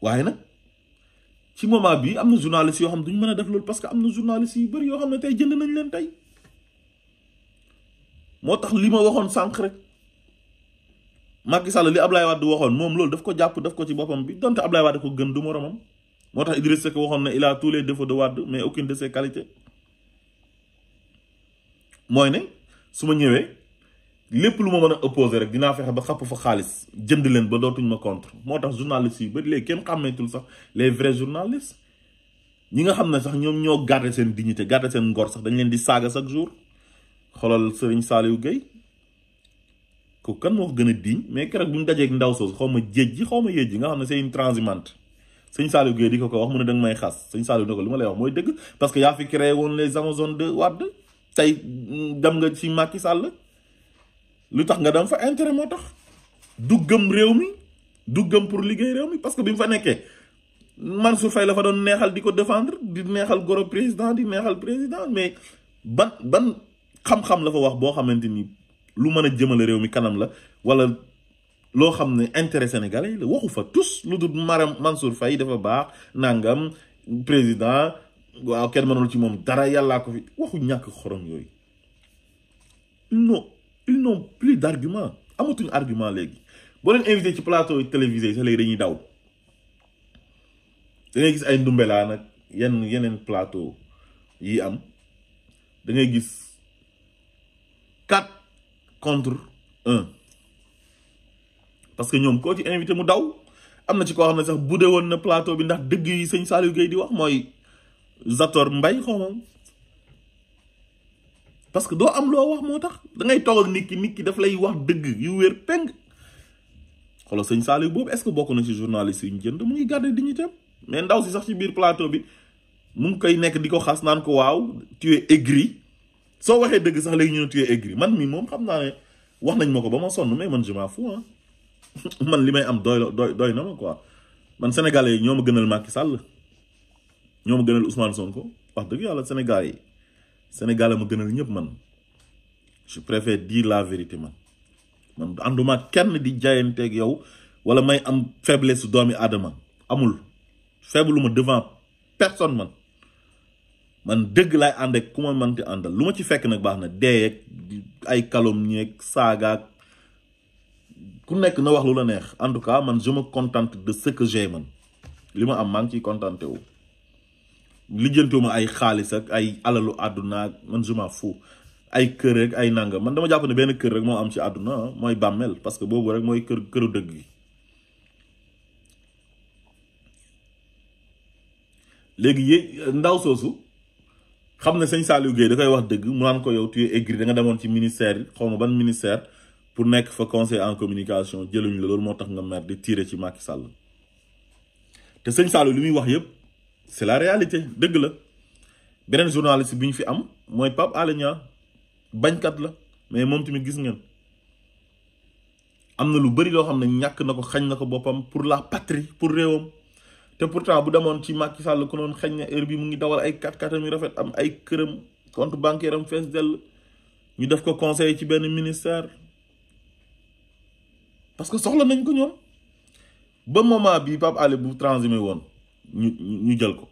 waaye nag ci moment bi am na journaliste yoo xam ne duñ mën a def loolu parce que am na journaliste yu bëri yoo xam ne tey jënd nañ leen tey moo tax li ma waxoon sànq rek Macky Sall li Ablaye Wade waxoon moom loolu daf ko jàpp daf ko ci boppam bi donte Ablaye Wade ko gën du moroomam moo tax Idriss Seck waxoon ne il a tous les défauts de Wade mais aucune de ses qualités mooy ne su ma ñëwee. lépp lu ma mën opposer rek dina fexe ba xapp fa xaliss jënd leen ba dootuñ ma contre motax tax journalistes yu bari léegi kenn xàmmeetul sax les vrais journalistes ñi nga xamné sax ñom ñoo garder sen dignité garder sen ngor sax dañ leen di saga chaque jour xolal Serigne Saliou gay ko kan mo gëna diñ mais kërak buñu dajé ak ndaw soos xawma jëj ji xawma yëj ji nga xamné c'est une transhumante serigne Saliou gay diko ko wax mëna dang may xass serigne Saliou nako luma lay wax moy dëgg parce que ya fi créé won les Amazones de wad tay dam nga ci Macky Sall lu tax nga dem fa intérêt moo tax du gëm réew mi du gëm pour liggéey réew mi parce que bi mu fa nekkee Mansour Faye la fa doon neexal di ko défendre di neexal goro président di neexal président mais ba ban xam-xam la fa wax boo xamante ni lu mën a jëmale réew mi kanam la wala loo xam ne intérêt sénégalais la waxu fa tous lu dul maram Mansour fay dafa baax nangam président waaw kenn mënul ci moom dara yàllaa ko fi waxu ñàkk xorom yooyu ils n'ont plus d' argument amatuñu argument léegi boo leen invité ci plateau télévisé sax léegi dañuy daw da gis ay ndumbelaa nag yenn yeneen plateau yi am dangay gis quatre contre un parce que ñoom koo ci invité mu daw am na ci koo xam ne sax budde woon na plateau bi ndax dëgg yi sëñ Saliou di wax mooy Zator Mbaye xaw parce que doo am loo wax moo tax dangay ngay toog ak nit ki nit ki daf lay wax dëgg yu wér peng xoolal sëñ Saliou boobu est-ce que bokk na ci journaliste yu ñu jënd mu ngi gardé dignité mais ndaw si sax ci biir plateau bi mu ngi koy nekk di ko xas naan ko waaw tu es soo waxee dëgg sax léegi ñu ne tu es man mii moom xam naa ne wax nañ ma ko ba ma sonn mais man je m'en fous man li may am doy doy doy na ma quoi man sénégalais yi ñoo ma gënal Macky sàll ñoo ma gënal Ousmane Sonko wax dëgg yàlla sénégalais yi. Sénégal je gënal venu. man je préfère dire la vérité man man suis kenn di jaayanteeg yow wala may am faiblesse doomi suis amul faible devant personne man man dëgg laay ku ma mënti àndal ci fekk nak baax na ay en tout cas man je me contente de ce que j'ai man lima am man ci contenté lijjantiwuma ay xaalis ak ay alalu aduna man juma fou ay keur rek ay nangam man dama japp ne ben keur rek mo am ci aduna moy bammel parce que bobu rek moy keur këru deug gi legui ndaw soosu xam seigne sëñ Saliou Guèye da koy wax deug mu naan ko yow tu es aigri da nga demone ci ministère yi ban ministère pour nek fa conseil en communication jëluñu la loolu moo nga mer di tirer ci Macky Sall te seigne salou limi wax yëpp c'est la réalité deug la beneen journaliste biñ fi am moy Pape la mais lu na pour la patrie pour et pourtant bu ci Macky Sall ko non xagn na heure bi mu ngi dawal ay 4 rafet am ay kërëm compte bancaire am fess ñu ko conseiller ci ministère parce que soxla nañ ko ba moment ñu ñu jël ko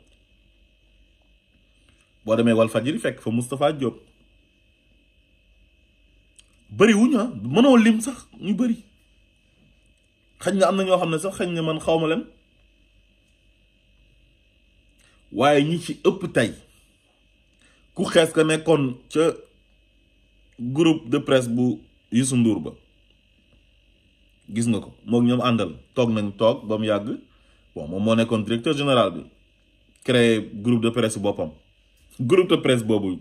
boo demee wal fajiri fekk fa mustafaa Diop bëri wuñu ah, mënoo lim sax ñu bari xañ na am na ñoo xam ne sax xañ na man xaw ma leen waaye ñi ci ëpp tey ku xees ka nekkoon ca groupe de presse bu Youssou Ndour ba gis nga ko moog ñoom àndal toog nañ toog ba mu yàgg bon moom moo nekkoon directeur général bi créé groupe de presse bopam groupe de presse boobu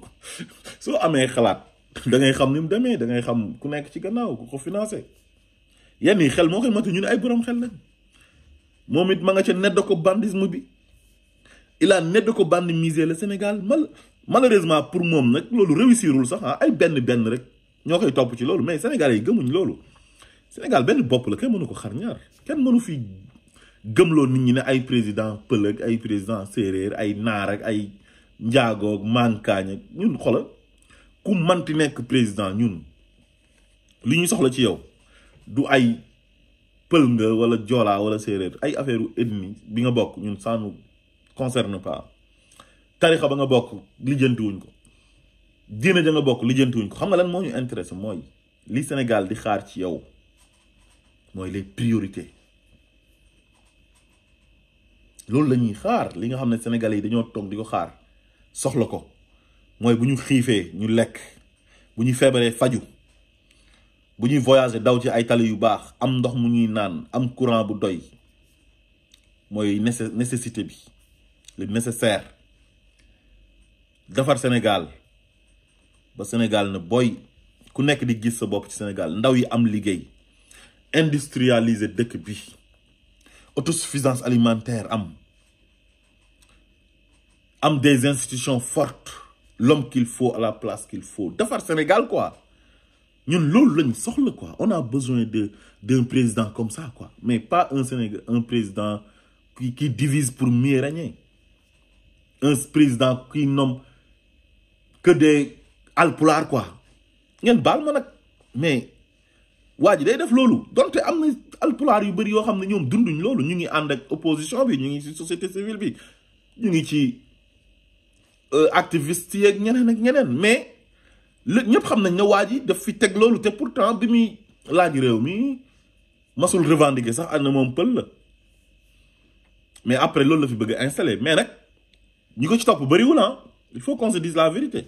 so amé xalaat da ngay xam ni démé da ngay xam ku nekk ci gannaaw ku ko financer yenn xel moo koy matu ñu ay borom xel lañ momit ma nga ci nedd ko bandisme bi il a nedd ko bandimisé le Sénégal mal malheureusement pour mom nak lolu réussirul sax ah, ay benn benn rek ñokay top ci lolu mais Sénégalais yi gëmuñ lolu Sénégal benn bop la kenn mënu ko xar ñaar kenn mënu fi gëmloo nit ñi ne ay président qui ay président serer ay naar ak ay njaagoog mankaañ ak ñun xola ku manti président ñun li ñu soxla ci yow du ay pël nga wala joolaa wala ay affaire bi nga ñun nous concerne pas tarixa ba nga bokk lijjantiwuñ ko diine ja nga bokk lijjantiwuñ ko xam nga lan ñu li Sénégal di xaar ci yow les priorités loolu la ñuy xaar li nga xam sénégalais dañoo toog di xaar soxla ko mooy bu ñu ñu lekk bu ñu faju bu voyager daw ci ay tali yu am ndox mu ñuy naan am courant bu doy mooy nécessité le nécessaire defar Sénégal ba Sénégal na boy ku nekk di gis bopp Sénégal ndaw yi am industrialiser dëkk bi autosuffisance alimentaire am am des institutions fortes l'homme qu'il faut à la place qu'il faut le Sénégal quoi ñun lañ quoi on a besoin de d'un président comme ça quoi mais pas un Sénégal un président qui qui divise pour mieux régner un président qui nomme que des alpulaar quoi y a une balle. mais Wadi, day def loolu donte am na alpulaar yu bëri yo xam ñom ñoom dunduñ loolu ñu ngi and ak opposition bi ñu ngi ci société civile bi ñu ngi ci euh, activiste ak ñeneen ak ñeneen mais ñepp ñëpp xam wadi, def fi teg loolu te pourtant bi muy laaj réew mi masul revendiquer sax ana mom pël la mais après loolu la fi bëgg installer mais nak ñiko ko ci topp bëriwul ah il faut qu'on se dise la vérité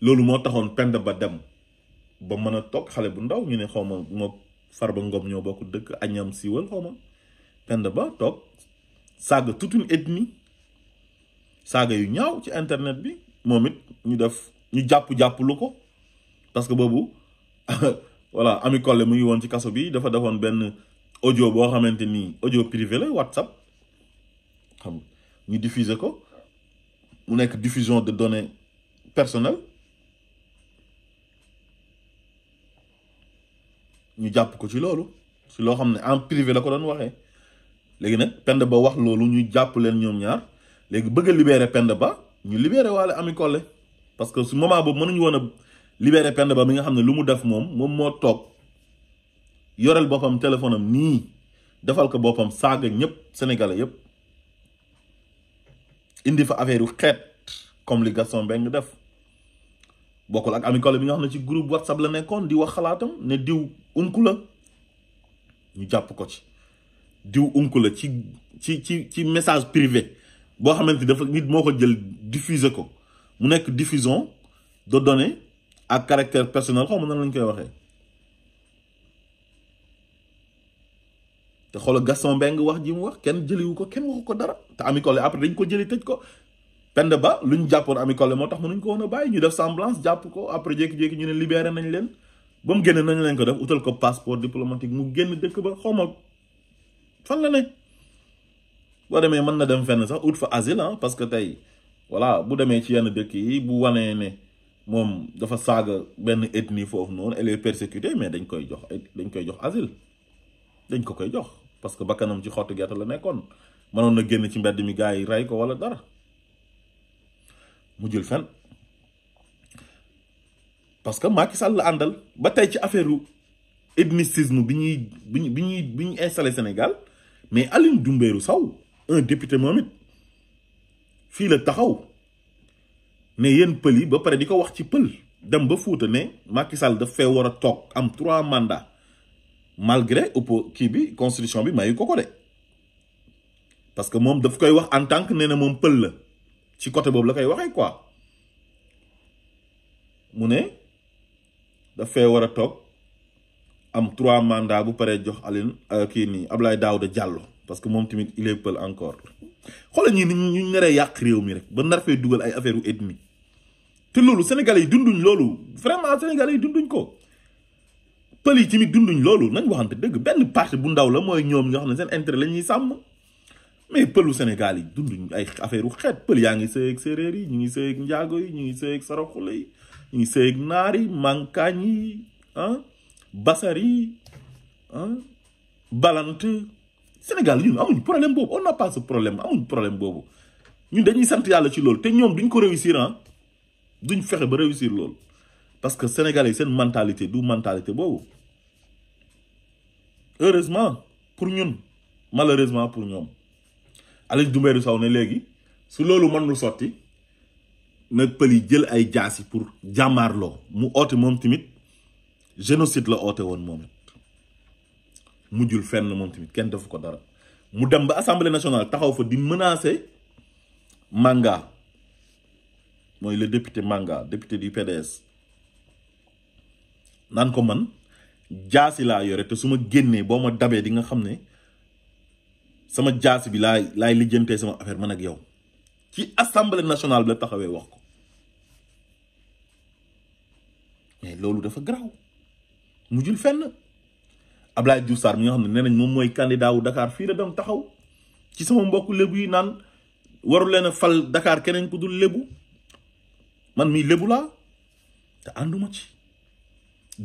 loolu moo taxoon Penda Ba dem ba a bu ndaw ñu né xawma mo Farba Ngom ñoo bokku dëkk añam xawma pend ba toute une ethnie ci internet def ñu parce que bobu voilà Ami mu bi dafa audio audio WhatsApp xam ñu diffuser ko diffusion de données personnelles ñu jàpp ko ci loolu si loo xam ne en privé la ko doon waxee léegi nag pend Ba wax loolu ñu jàpp leen ñoom ñaar léegi bëgg a pend Ba ñu libéré waale Ami Collé parce que su moment boobu mën mënuñu woon a libéré Penda Ba mi nga xam ne lu mu def moom moom moo toog yoreel boppam téléphone am nii defal ko boppam saaga ñëpp sénégalais yëpp indi fa affaire yu xeet comme li Gaston Mbengue def. bokkul ak amicale bi nga xam ci groupe whatsapp la nekkoon di wax xalaatam ne diw unku la ñu japp ko ci diw unku la ci ci ci ci message privé bo xamanteni dafa nit moko jël diffuser ko mu nekk diffusion de données à caractère personnel xaw ma lañ koy waxee te xoolal Gaston beng wax ji mu wax kenn jëliwu ko kenn waxu ko dara te amicale après dañ ko jëli tëj ko pend ba lu ñu jàppoon Ami Collé moo tax ma mënuñ ko woon a bàyyi ñu def semblance jàpp ko après jékki-jékki ñu ne libéré nañ leen ba mu génne nañ leen ko def utal ko passeport diplomatique mu génn dëkk ba xaw ma fan la ne boo demee mën na dem fenn sax ut fa asile ah, parce que tey voilà bu demee ci yenn dëkk yi bu wanee ne moom dafa saaga benn ethnie foofu noonu elle est mais dañ koy jox dañ koy jox asile dañ ko koy jox parce que bakkanam ci xottu gerte la nekkoon mënoon na génn ci mbedd mi gars yi rey ko wala dara. mu jël fen parce que Macky Sall la andal ba tey ci affaire u ethnicisme bi ñuy bi ñuy bi ñuy installé Sénégal mais Aline Doumbérou saw un député momit fi fii la taxaw Mais yéen pël yi ba paré diko wax ci pël dem ba Fuuta né Macky Sall da fé wara tok am trois mandats malgré oppo ki bi constitution bi mayu ko parce que mom daf koy wax en tant que nee mom moom pël la ci côté boobu la koy waxee quoi mu ne dafay war a toog am trois mandats bu paree jox Aline euh, kii nii Abdoulaye Daouda Diallo parce que moom tamit il est pël encore xoolal ñii ni ñu naree yàq réew mi rek ba nar fee dugal ay affaire u ethnie te loolu Sénégalais yi dunduñ loolu vraiment Sénégalais yi dunduñ ko pël yi tamit dunduñ loolu nañ waxante dëgg benn parti bu ndaw la mooy ñoom ñoo xam ne seen intérêt la ñuy sàmm. mais pëlu Sénégal yi dunduñ ay affaireu xet xeet pël yaa ngi sëyeeg séeréer yi ñi ngi sëyeeg njaago yi ñi ngi sëyeeg saraxule yi ñu ngi sëyeeg naar yi hein ah, ah balante Sénégal ñun amuñ problème bobu on n'a pas ce problème amuñ problème bobu ñun dañuy sant yalla ci lool té ñom duñ ko réussir hein duñ fexé ba réussir lool parce que Sénégalais une mentalité du mentalité bobu heureusement pour ñun malheureusement pour ñom Alex Doumérou Sow ne léegi su loolu mënul sotti nag pël yi jël ay jaasi pour jàmmaarloo mu oote moom tamit génocide la oote woon moom it mujjul fenn moom tamit kenn defu ko dara mu dem ba assemblée nationale taxaw fa di menacer Manga mooy le député Manga député du PDS naan ko man jaasi laa yore te su ma génnee boo ma dabee di nga xam ne sama jaas bi laay laay lijjantee sama affaire man ak yow ci assemblée nationale bi la taxawee wax ko mais loolu dafa mu jul fenn Ablaye Diouf Sarr mi nga xam ne nee nañ moom mooy candidat wu Dakar fii la doon taxaw ci sama mbokk lébu yu naan waru leen a fal Dakar keneen ku dul lébu man mii lébu laa te ànduma ci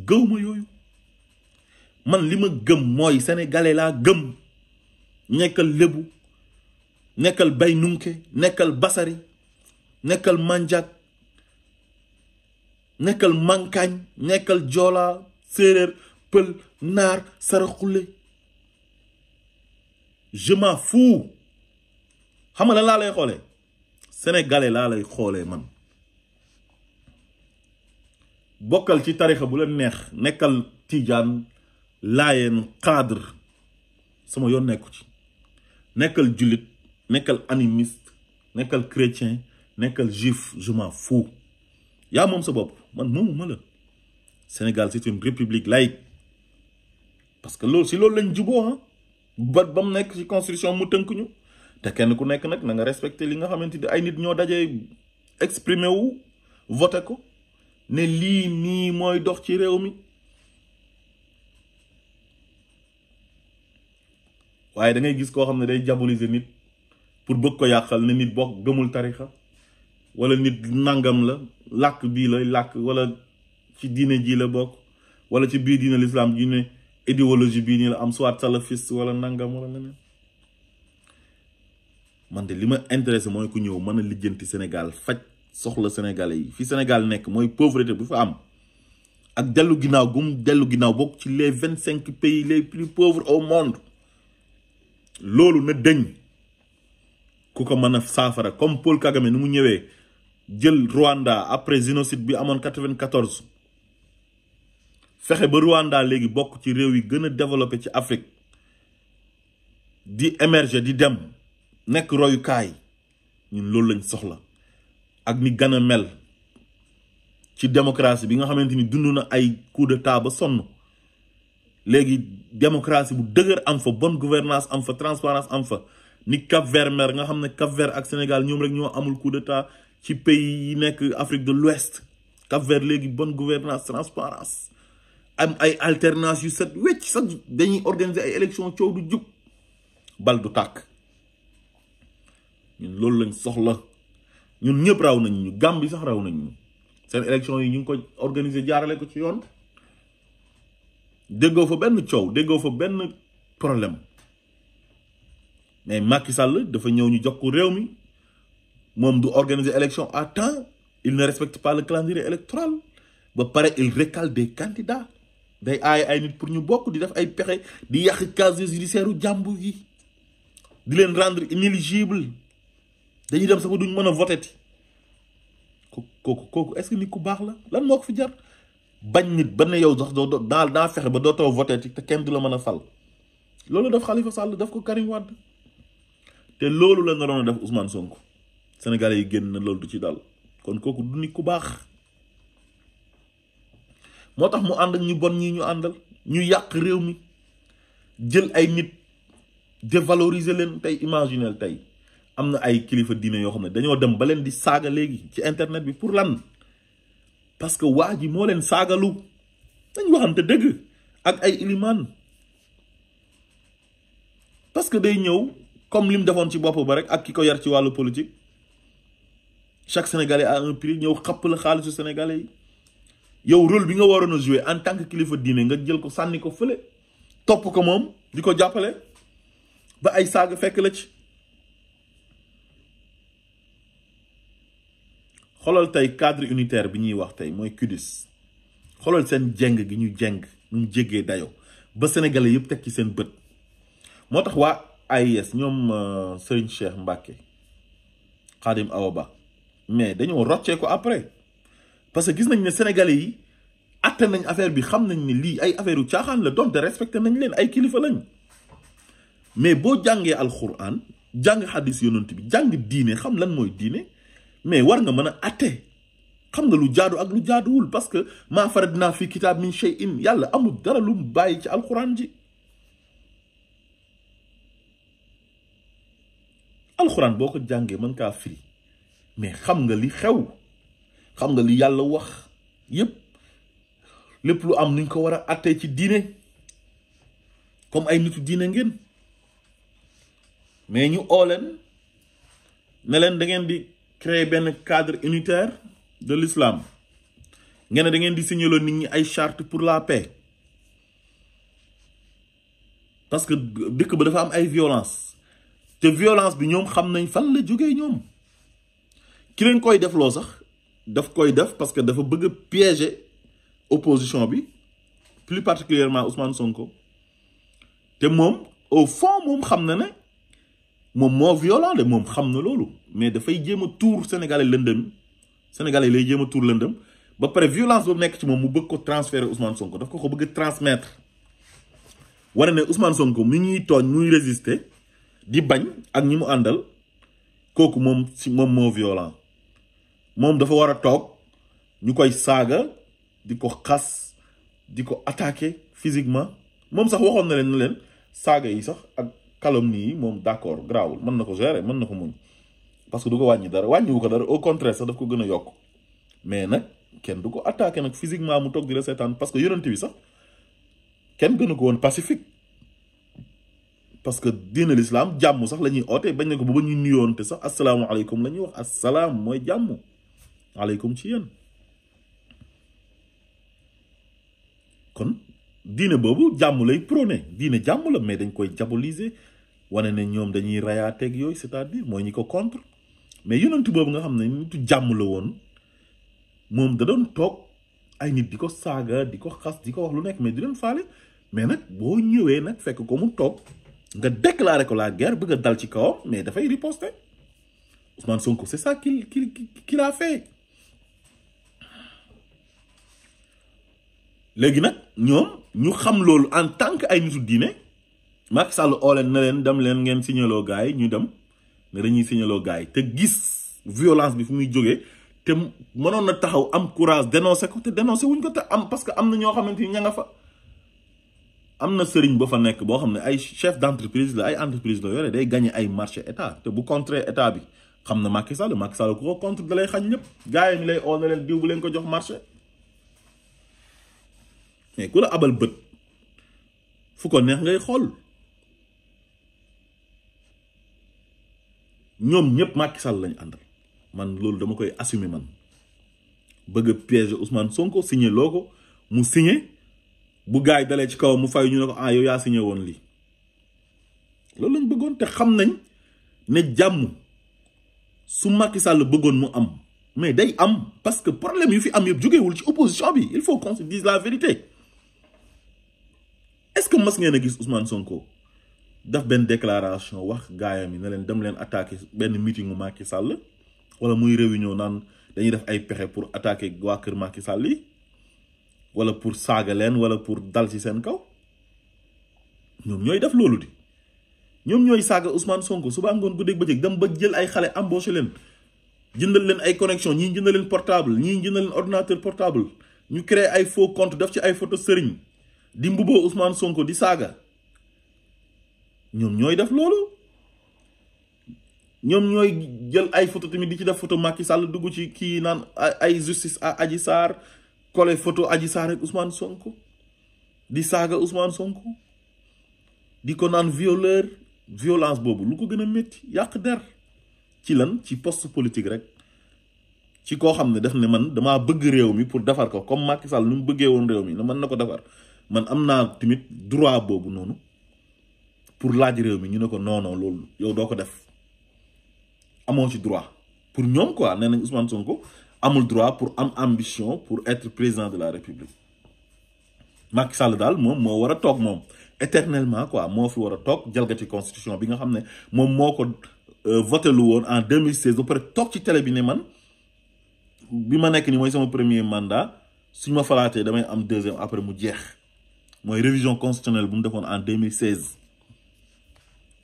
gëw ma yooyu man li ma gëm mooy sénégalais laa gëm. nekkal lébu nekkal bay nunke nekkal basari nekkal manjak nekkal mankaañ nekkal joola séeréer pël naar saraxule je m'en fous xam nga lan laa lay xoolee sénégalais laa lay xoole man bokkal ci tarixa bu la neex nekkal tiijaan laayeen cadre sama yoon nekku ci nekkal julit nekkal animiste nekkal chrétien nekkal juif je m'en fous yaa moom sa bop man moomuma mala Sénégal c'est une république laïque parce que lool si lool lañ juboo ah ba bam mu nekk ci constitution mu tënk ñu te kenn ku nekk nak na nga respecter li nga xamanteni ay nit ñoo dajé exprimer wu voter ko né li ni moy dox ci réew mi waaye dangay gis koo xam ne day diaboliser nit pour bëgg ko yàqal ne nit bokk gëmul tarixa wala nit nangam la làkk bii lay làkk wala ci diine jii la bokk wala ci biir diine l'islam ji ne idéologie bii nii la am soit salafiste wala nangam wala leneen man de li ma intéressé mooy ku ñëw mën a lijjanti Sénégal faj soxla sénégalais yi fi Sénégal nekk mooy pauvreté bu fa am ak dellu ginnaaw gum dellu ginnaaw bokk ci les vingt cinq pays les plus pauvres au monde loolu na dëñ ku ko mën a saafara comme Paul Kagame ni mu ñëwee jël Rwanda après génocide bi amoon 94 fexe ba Rwanda léegi bokk ci réew yi gën a développé ci Afrique di émerger di dem nekk royukaay ñun loolu lañ soxla ak ni gën a mel ci démocratie bi nga xamante ni dund na ay coup d'état ba sonn léegi démocratie bu dëgër am fa bonne gouvernance am fa transparence am fa ni Cap Vert mer nga xam ne Cap Vert ak Sénégal ñoom rek ñoo amul coup d'état ci pays yi nekk Afrique de l'Ouest Cap Vert léegi bonne gouvernance transparence am ay alternance yu set wecc sax dañuy organiser ay élection coow du jub bal du tàkk ñun loolu lañ soxla ñun ñëpp raw nañ ñu Gambie sax raw nañ ñu seen élection yi ñu ngi ko organiser jaarale ko ci yoon déggoo fa ben coow déggoo fa ben problème mais Macky Sall dafa ñëw ñu jox ko réew mi moom du organiser élection à temps il ne respecte pas le calendrier électoral ba pare il recale des candidats day ay ay nit pour ñu bokk di def ay pexe di yakh casier judiciaire jambu jàmbur yi di len rendre inéligible dañuy dem sama duñ mëna a ko ko ko est-ce que nit ku baax la lan moko fi jar. bañ nit ba ne yow sax doo daal daa fexe ba dootoo voté ci te kenn du la mën a fal loolu daf Khalifa Sall daf ko Karim Wade te loolu la nga doon def Ousmane Sonko sénégal yi génn na loolu du ci dal kon kooku du nit ku baax moo tax mu ànd ak ñu bon ñi ñu àndal ñu yàq réew mi jël ay nit dévaloriser leen tey imaginel tey am na ay kilifa diine yoo xam ne dañoo dem ba leen di saaga léegi ci internet bi pour lan parce que waa ji moo leen saagalu dañ waxante dëgg ak ay ilimaan parce que day ñëw comme lim defoon ci bopp ba rek ak ki ko yar ci wàllu politique chaque sénégalais a un prix ñëw xapp la xaalisu sénégalais yi yow rôle bi nga waroon a jouer en tant que kilifa diine nga jël ko sànni ko fële topp ko moom di ko jàppale ba ay saaga fekk la ci. xolal tey cadre unitaire bi ñuy wax tey mooy CUDIS xolal seen jeng gi ñu jeng nu mu jéggee dayoo ba sénégalais yëpp teg ci seen bët moo tax waa AIS ñoom euh, Serigne Cheikh Mbacke Khadim Awa Ba mais dañoo roccee ko après parce que gis nañ ne sénégalais yi atte nañ affaire bi xam nañ ne lii ay affaire yu caaxaan la doon te respecté nañ leen ay kilifa lañ mais boo jàngee alquran jàng xadis yonent bi jàng diine xam lan mooy diine. mais war nga mën até xam nga lu jaadu ak lu jaaduwul parce que ma faradna fi kitab min shay'in yalla amul dara lu mu Al ci alquran ji alquran boko jangé man ka fi mais xam nga li xew xam nga li yalla wax yépp lepp lu am niñ ko wara até ci diine comme ay nitu diiné ngeen mais ñu olen melen da ngeen di créer ben cadre unitaire de l'islam ngeen da ngeen di signaloo nit ñi ay charte pour la paix parce que dëkk ba dafa am ay violence te violence bi ñoom xam nañ fan la jógee ñoom ki leen koy def loo sax daf koy def parce que dafa bëgg piéger opposition bi plus particulièrement Ousmane Sonko te moom au fond moom xam na ne moom moo violent de moom xam na loolu mais dafay jéem a tuur sénégalais lëndëm sénégalais lay jéem tour tuur lëndëm ba pare violence boobu nek ci mom mu bëgg ko transférer Ousmane Sonko daf ko ko bëgg transmettre wara ne Ousmane Sonko mi ñuy tooñ muy résister di bañ ak ñi mu andal kooku mom si Mom mo violent mom dafa wara a ñukoy saga diko saaga diko attaquer physiquement Mom sax waxon na leen na leen saaga yi sax ak calomnie Mom d'accord garaawul mën nako gérer mën nako muñ parce que du ko wàññi dara wàññiwu ko dara au contraire sax daf ko gën a yokk mais nag kenn du ko attaqué nag physiquement mu toog di la seetaan parce que yonent bi sax kenn gënu ko woon pacifique parce que diine lislaam jàmm sax la ñuy oote bañ ne ko bu ba ñu nuyoon te sax asalaamualeykum la ñuy wax asalaam mooy jàmm aleykum ci yéen kon diine boobu jàmm lay prôné diine jàmm la mais dañ koy diaboliser wane ne ñoom dañuy rayaateeg yooyu cest à mooy ñi ko contre mais yonentu boobu nga xam ne nitu jàmm la woon moom da doon toog ay nit di ko saaga di ko xas di ko wax lu nekk mais di leen faale mais nag boo ñëwee nag fekk ko mu toog nga déclaré ko laa guerre bëgg a dal ci kawam mais dafay riposte Ousmane Sonko c'est ça qu'il qu'il qu'il a fait léegi nag ñoom ñu xam loolu en tant que ay nitu diine Macky Sall oo leen na leen dem leen ngeen signaloo gars yi ñu dem. ne dañuy signaloo gars yi te gis violence bi fu muy jógee te mënoon na taxaw am courage dénoncé ko te dénoncé wuñ ko te am parce que am na ñoo xamante ni ña nga fa am na sëriñ ba fa nekk boo xam ne ay chef d' entreprise la ay entreprise la yore day gagné ay marché état te bu contrer état bi xam na Macky Sall Macky Sall ku ko contre da lay xañ ñëpp gars yi lay oo na leen diw bu leen ko jox marché mais ku la abal bët fu ko neex ngay xool ñom ñep Macky Sall lañ àndal man loolu dama koy assumer man bëgg a Ousmane Sonko signé loo mu signé bu gars dalé ci kaw mu fay ñu ne ko ah yow ya signé woon li loolu lañ bëggoon té xam nañ né jamm su Macky Sall bëggoon mu am mais day am parce que problème yu fi am yëp yëpp wul ci opposition bi il faut qu'on se dise la vérité est-ce que mas ngeen a gis Ousmane Sonko daf benn déclaration wax gaayam yi ne leen dem leen attaquer benn mitingu Macky Sall wala muy réunion naan dañuy def ay pexe pour attaquer waa kër Macky Sall yi wala pour saaga leen wala pour dal ci seen kaw ñoom ñooy def loolu di ñoom ñooy saaga Ousmane Sonko suba ngoon guddeeg bëccëg dem ba jël ay xale embauché leen jëndal leen ay connexion ñii jëndal leen portable ñii jëndal leen ordinateur portable ñu créé ay faux compte def ci ay photo sëriñ di mbubboo Sonko di saaga. ñoom ñooy def loolu ñoom ñooy jël ay photo tamit di ci def photo Macky Sall dugg ci kii naan ay justice à ajisaar Sarr collé photo Adji Sarr ak Ousmane di saaga Ousmane Sonko di ko naan violeur violence boobu lu ko gën a métti yàq der ci lan ci post politique rek ci koo xam ne daf ne man damaa bëgg réew mi pour defar ko comme Macky Sall nu mu bëggee woon réew mi ne mën na ko defar man am naa tamit droit boobu noonu. pour laaj dire mi ñu ne ko non non loolu yow doko def amon ci droit pour ñom quoi nee Ousmane Sonko amul droit pour am ambition pour être président de la République Macky Sall dal mom mo wara tok mom éternellement quoi moo fi war a toog jalgati constitution bi nga xamné mom moko euh, voter lu won en 2016 après pare toog ci télé bi né man bima nek ni moy sama premier mandat suñ ma falaté damay am deuxième après mu jeex moy révision constitutionnelle bu mu defone en 2016.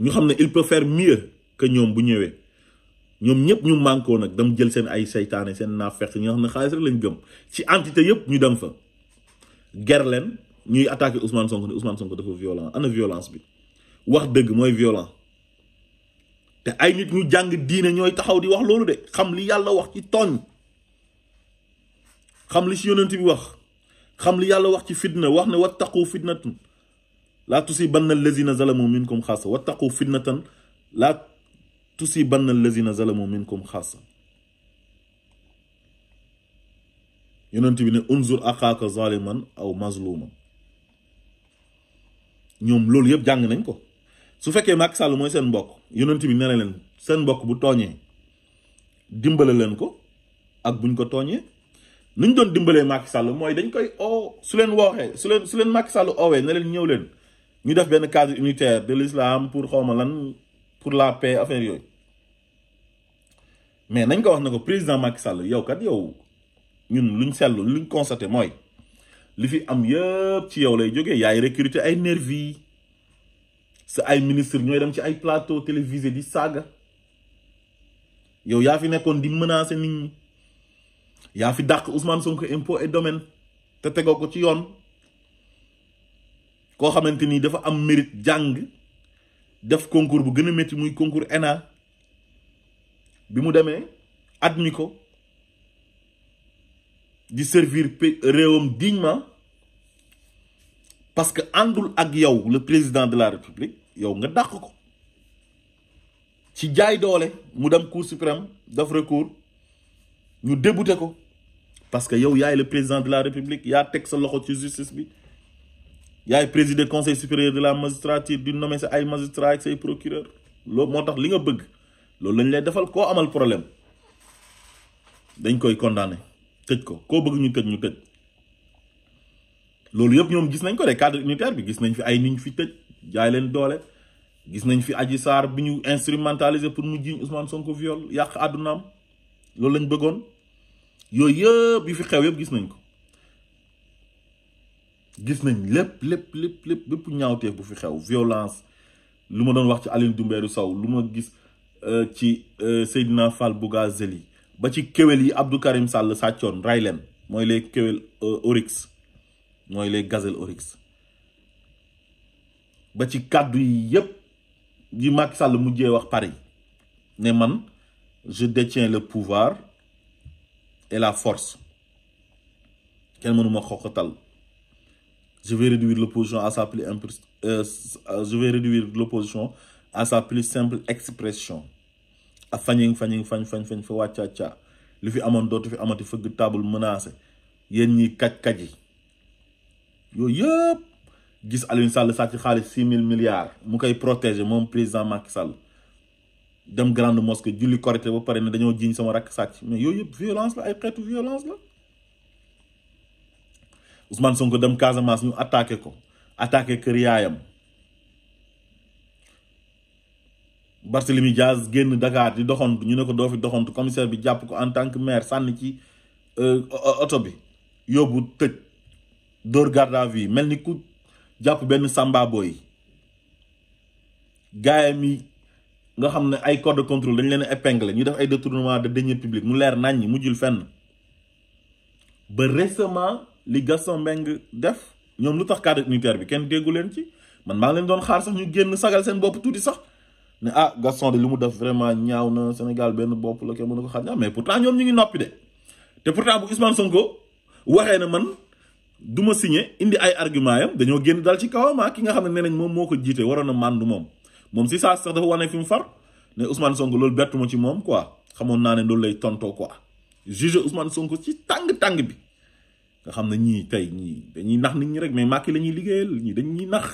ñu xamné il peut faire mieux que ñom bu ñëwé ñom ñëpp ñu manko nak dem jël seen ay shaytané seen naafeq ñu xamné xam rek lañ gëm ci entité yëpp ñu dem fa ger leen ñuy attaquer Ousmane Sonko Ousmane Sonko dafa violent ana violence bi wax dëgg moy violent té ay nit ñu jang diiné ñoy taxaw di wax lolu dé xam li yalla wax ci tooñ xam li ci yonent bi wax xam li yalla wax ci fitna wax ne wattaqu fitnatun laa tusibanna allazina zalamu minkum xaasa wattaqu fitnatan laa ban tusibanna allazina zalamu minkum xaasa yonent bi ne unzur axaaka zaliman aw mazluman ñoom loolu yëpp jàng nañ ko su fekkee Macky Sall mooy seen mbokk yonent bi nee na leen seen mbokk bu tooñee dimbale leen ko ak buñ ko tooñee nuñ doon dimbalee Macky Sall mooy dañ koy oo su leen wooxee su leen su leen Macky Sall oowee ne leen ñëw leen ñu def benn cadre unitaire de l'islam pour xawma lan pour la paix affaire yooyu mais nañ ko wax na ko président Macky Sall yow kat yow ñun luñ seetlu luñ constaté mooy li fi am yëpp ci yow lay jógee yaay recruter ay nervi sa ay ministre ñooy dem ci ay plateau télévisé di saaga yow yaa fi nekkoon di menacer nit ñi yaa fi dàq Ousmane Sonko impôt et domaine te tegoo ko ci yoon koo xamante ni dafa am mérite jàng def concours bu gën a métti muy concours ENA bi mu demee admis ko di servir réewam dignement parce que àndul ak yow le président de la république yow nga dàq ko ci jaay doole mu dem cour suprême def recours ñu débouté ko parce que yow yaay le président de la république yaa teg sa loxo ci justice bi yaay présider conseil supérieur de la magistrature di nommer sa ay magistrat ak say procureur loolu moo tax li nga bëgg loolu lañu lay defal koo amal problème dañ koy condamné tëj ko ko bëgg ñu tëj ñu tëj loolu yëpp ñoom gis nañ ko de cadre unitaire bi gis nañ fi ay niñ fi tëj jaay leen doole gis nañ fi aji Sarr bi ñu instrumentalisé pour mu jiiñ Ousmane Sonko viol yàq àddunaam loolu lañ bëggoon yooyu yëpp yu fi xew yëpp gis nañ ko bu fi xew violence lu ma doon wax ci Aline gis euh, ci euh, Seydina Fall Bougazeli, ba ci Abdou Karim Sall les Kewel euh, oryx mooy les gazelle oryx ba ci kaddu yi yépp yi Sall Paris ne je détiens le pouvoir et la force kenn je vais réduire l'opposition à sa plus euh, je vais réduire l'opposition à sa plus simple expression. fanying fany fi fi amati table gis milliards protéger président Macky Sall grande mosquée ba sama mais yo violence la ay violence la Ousmane ko dem Casamance ñu attaqué ko attaqué kër yaayam Barthélemy Diaz génn dakaar di doxantu ñu ne ko doo fi doxantu commissaire bi jàpp ko en tant que maire sànni ci euh, oto bi yóbbu tëj dóor garde à mel ni ku jàpp benn samba boy gaayam yi nga xam ne ay corps de contrôle dañ leen épinglé ñu def ay détournement de deniers publics mu leer nañ ñi mujjul fenn ba récemment li Gaston Mbengue def ñoom lu tax cadre unitaire bi kenn déggu leen ci man maa ngi leen doon xaar sax ñu génn sagal seen bopp tuuti sax ne ah Gaston de li mu def vraiment ñaaw na Sénégal benn bopp la kenn mën na ko xam ñaaw mais pourtant ñoom ñu ngi noppi de te pourtant bu Ousmane Sonko waxee na man du ma signé indi ay argument yam dañoo génn dal ci kawam ah, ki nga xam ne nee nañ moom moo ko jiite waroon na màndu moom moom si saa sax dafa wane fi mu far ne usman Sonko loolu bettu ma ci moom quoi xamoon naa ne loolu lay tontoo quoi juge Ousmane Sonko ci tàng-tàng bi nga xam na ñii tey ñii dañuy nax nit ñi rek mais Macky la ñuy liggéeyal ñii dañuy nax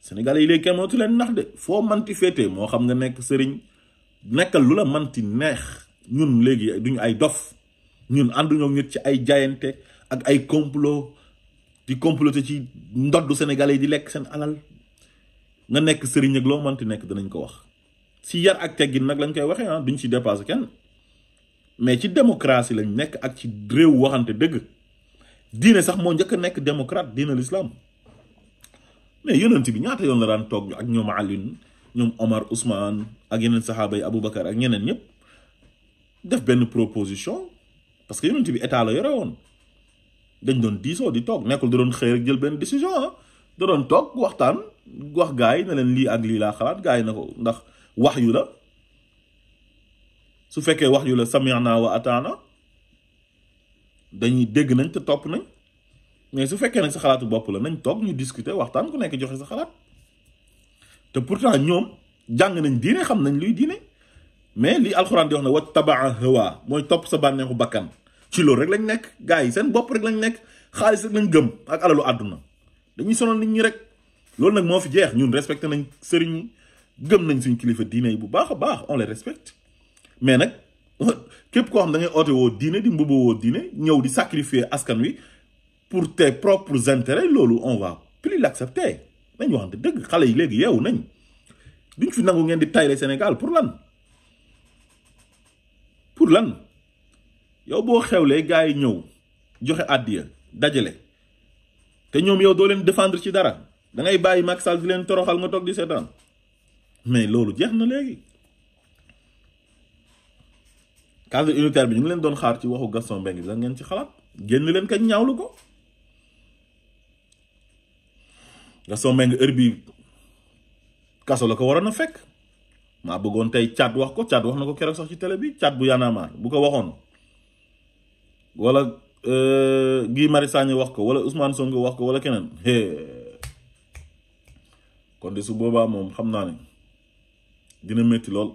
Sénégalais yi léegi kenn mënatu leen nax de foo manti féetee moo xam nga nekk sëriñ nekkal lu la manti neex ñun léegi duñu ay dof ñun ànduñoo nit ci ay jaayante ak ay complot di comploter ci ndoddu Sénégalais yi di lekk seen alal nga nekk sëriñ ak loo manti nekk danañ ko wax si yar ak teggin nag lañ koy waxee ah duñ ci dépassé kenn mais ci démocratie lañ nekk ak ci réew waxante dëgg diine sax monja ñëk nek démocrate diine l'islam mais yonent bi ñaata yon la daan tok ak ñom alin ñom omar ousmane ak yeneen saxaaba abou bakkar ak ñenen ñep def ben proposition parce que yonent bi état la yoré won dañ doon diso di tok nekul doon xeyr jël ben décision da doon ah. tok waxtaan wax gaay na len li ak li la xalat gaay nako ndax wax yu la su fekke wax yu la sami'na wa ata'na dañuy dégg nañ te topp nañ mais su fekkee nañ sa xalaatu bopp la nañ toog ñu discuter waxtaan ku nekk joxe sa xalaat te pourtant ñoom jàng nañ diine xam nañ luy diine mais li alxuraan di wax ne wa tabaa hawa mooy topp sa bànneexu bakkan ci loolu rek lañ nekk gars yi seen bopp rek lañ nekk xaalis rek lañ gëm ak alalu àdduna dañuy sonal nit ñi rek loolu nag moo fi jeex ñun respecté nañ sëriñ gëm nañ suñ kilifa diine yi bu baax a baax on les respecte mais nag képp koo xam da ngay di di sacrifier askan pour tes propres intérêts on va plus l'accepter nañ waxante dëgg xale yi léegi yeewu nañ duñ fi ngeen di Sénégal pour lan pour lan yow boo xewlee gars yi joxe défendre ci dara da ngay di mais jeex cadre unitaire bi ñu ngi leen doon xaar ci waxu Gaston Mbengue bi da ngeen ci xalaat génn leen kañ ñaawlu ko Gaston Mbengue heure bi kaso la ko waroon a fekk maa bëggoon tey caat wax ko caat wax na ko keroog sax ci télé bi caat bu yaanaamaar bu ko waxoon wala euh, Guy Marius Sagna wax ko wala Ousmane Sonko wax ko wala keneen kon de su boobaa moom xam naa ne dina métti lool.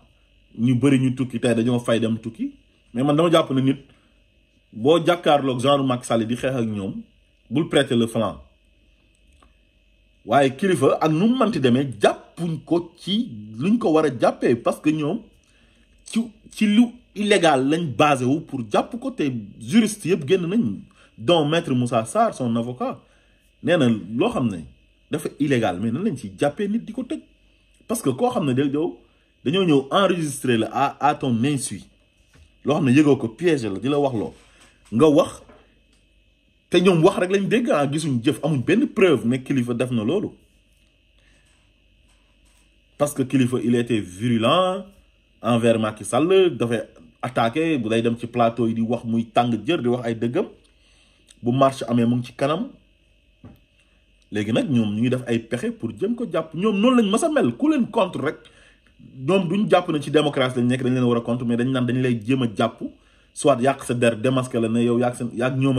ñu bari ñu tukki tay dañoo fay dem tukki mais man dama japp ne nit boo jàkkaarloog genre Macky Sall di xex ak ñom bul prêter le flanc waye kilifa ak nu manti demee jappuñ ko ci luñ ko wara jappé parce que ñom ci ci lu illégal lañ basé wu pour japp ko té juriste yeb genn nañ don maître Moussa Sar son avocat néna lo xamné dafa illégal mais nan lañ ci jappé nit diko ko parce que ko xamné ne del jow dañoo ñëw enregistré la à à ton insu loo xam ne yëgoo ko piège la di la wax loo nga wax te ñoom wax rek lañ dégg ah gisuñ jëf amuñ benn preuve mais kilifa def na loolu parce que kilifa il était virulent envers Macky Sall dafay attaqué bu day dem ci plateau yi di wax muy tàng jër di wax ay dëggam bu marche amee mu ngi ci kanam léegi nag ñoom ñu ngi def ay pexe pour jëm ko jàpp ñoom noonu lañ mas a mel ku leen contre rek. ñoom duñ jàpp ne ci démocratie lañ dañ leen war a compte mais dañ lay jéem a jàpp soit yàq sa der démasqué la ne yow yàq seen yàq ñoom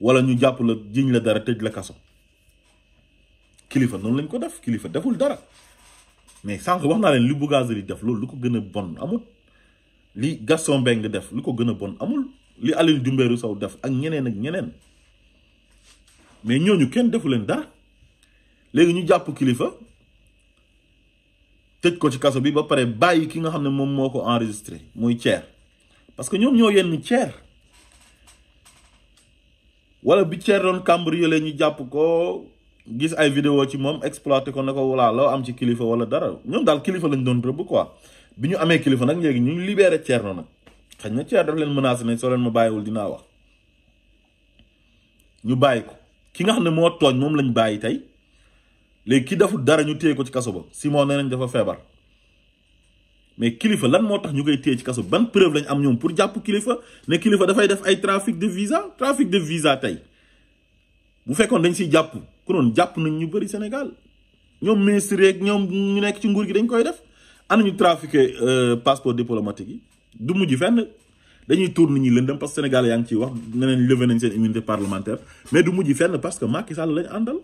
wala ñu jàpp la jiñ la dara tëj kaso kilifa noonu lañ ko def kilifa deful dara mais sànq wax naa leen li Bougazelli def loolu lu ko gën a bon amul li Gaston Mbengue def lu ko gën a bon amul li Aline Dumbeeru Sow def ak ñeneen ak ñeneen mais ñooñu kenn defu leen dara léegi ñu jàpp kilifa tej ko ci kaso bi ba pare bayyi ki nga xamné mom moko ko enregistré muy Thier parce que ñom ñoo yenn tier wala bi don cambre yele ñu japp ko gis ay vidéo ci mom exploiter ko nako wala law am ci kilifa wala dara ñom dal kilifa lañ don rëbb quoi bi ñu amee kilifa nak légui ñu libéré tier non nak xañ na Thier daf leen menacer né so leen ma bayiwul dina wax ñu bayiko ko ki nga xamné mo togn mom lañ bayyi tay léegi ki deful dara ñu téye ko ci kaso ba Simon nee nañ dafa feebar mais kilifa lan moo tax ñu koy téye ci kaso ban preuve lañ am ñoom pour jàpp kilifa ne kilifa dafay ay trafic de visa trafic de visa tey bu fekkoon dañ siy jàpp ku noonu jàpp nañ ñu bëri Sénégal ñoom ministre yeeg ñoom ñu nekk ci nguur gi dañ koy def ana ñu trafiqué euh, passeport diplomatique yi du mujj fenn dañuy tour nit ñi lëndëm parce que Sénégal yaa ngi ciy wax ne leen levé nañ seen immunité parlementaire mais du mujj fenn parce que Macky Sall lañ àndal.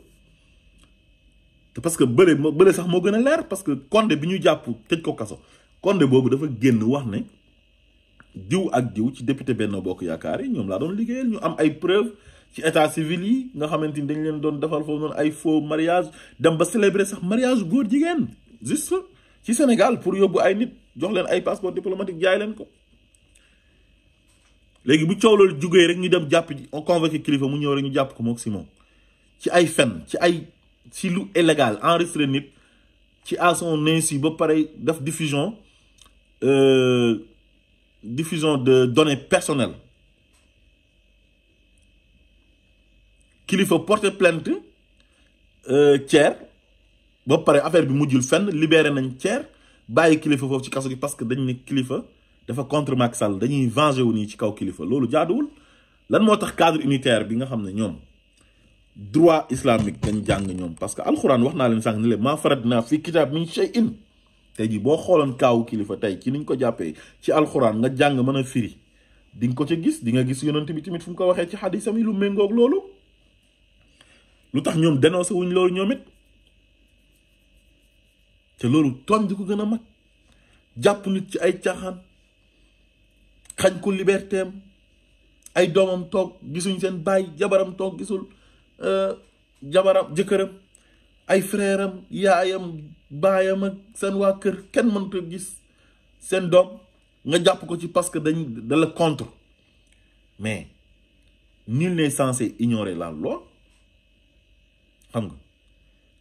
parce que bële bële sax moo gën a leer parce que Condé bi ñu jàpp tëj ko kaso Condé boobu dafa génn wax ne diw ak diw ci député benn Bokk Yaakaar yi ñoom laa doon liggéeyal ñu am ay preuve ci état civil yi nga xamante ni dañ leen doon defal foofu noonu ay foo mariage dem ba célébrer sax mariage góor jigéen juste ci Sénégal pour yóbbu ay nit jox leen ay passeport diplomatique jaay leen ko léegi bu coow loolu jugee rek ñu dem jàpp on convoqué kilifa mu ñëw rek ñu jàpp ko mook Simon ci ay fen ci ay si lu illégal enregistré nit ci à son insu ba pare def diffusion euh, diffusion de données personnelles qu'il faut porter plainte euh tiers ba pare affaire bi mujjul fenn libérer nañ tiers bàyyi kilifa foofu ci kasso gi parce que dañ ne kilifa dafa contre Maxal Sall dañuy venger wu nii ci kaw kilifa loolu jaaduwul lan motax cadre unitaire bi nga xamné ñom droit islamique dañ jàng ñoom parce que alxuraan wax naa leen sànq ni leen maa faratnaa fii kitaab min shay'in tey jii boo xooloon kaawu kilifa tey ci niñ ko jàppee ci alxuraan nga jàng mën a firi di nga ko ca gis di nga gis yonent bi tamit fu ko waxee ci xadisam yi lu méngoog loolu lu tax ñoom dénoncé wuñ loolu ñoomit te loolu tooñ di ko gën a mag jàpp nit ci ay caaxaan xañ ku liberté ay doomam toog gisuñ seen baay jabaram toog gisul Euh, jabaram jëkkëram ay frère am yaayam baayam ak seen waa kër kenn mënta gis seen doom nga jàpp ko ci parce que dañ da la contre mais nul n'est censé ignorer la loi xam nga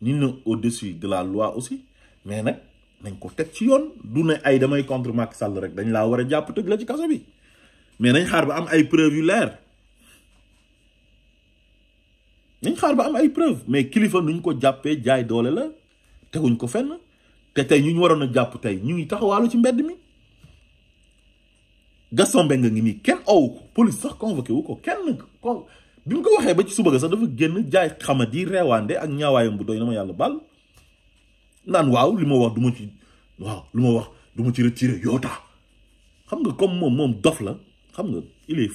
nul n'est au-dessus de la loi aussi mais nag nañ ko teg ci yoon du ne ay damay contre Macky Sall rek dañ laa war a jàpp tëj la ci kaso bi mais nañ xaar ba am ay preuves yu leer nañ xaal ba am ay mais kilifa nuñ ko jàppee jaay doole la teguñ ko fenn te tey ñu ñu waroon a jàpp tey ñu ngi taxawaalu ci mbedd mi Gaston nga ngi nii kenn owu ko police sax convoqué wu ko kenn ko bi mu ko waxee ba ci suba sax dafa génn jaay xamadi reewaande ak ñaawaayam bu doy na ma yàlla baal naan waaw li ma wax du ma ci waaw lu ma wax du ma ci retiré yoota xam nga comme moom moom dof la xam nga il est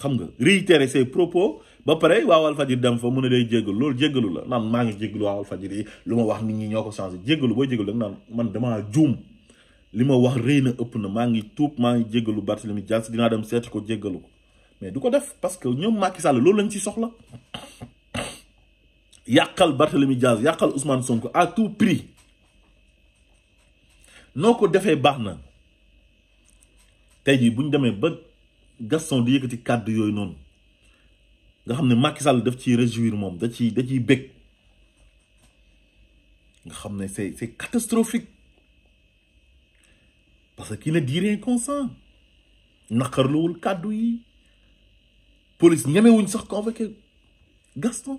xam nga réitérer se propos ba pare waa Walfadjri dem fa mu ne day jéggalu loolu jéggalu la man maa ngi jéggalu waa Walfadjri yi lu ma wax nit ñi ñoo ko changé jéggalu boo jéggalu da naan man damaa juum li ma wax rëy na ëpp na maa ngi tuub maa ngi jéggalu Barthélemy Dias dinaa dem seeti ko jéggalu ko mais du ko def parce que ñoom Macky Sall loolu lañ ci soxla yàqal Barthélemy Dias yàqal Ousmane Sonko à tout prix noo ko defee baax na tey jii bu demee ba. Gaston di yëkkati kàddu yooyu noonu nga xam ne Macky Sall daf ciy réjouir moom da ciy da ciy bég nga xam ne c'est c'est catastrophique parce que qu'il ne dit rien consent naqarluwul kàddu yi police ñemewuñ sax convoqué Gaston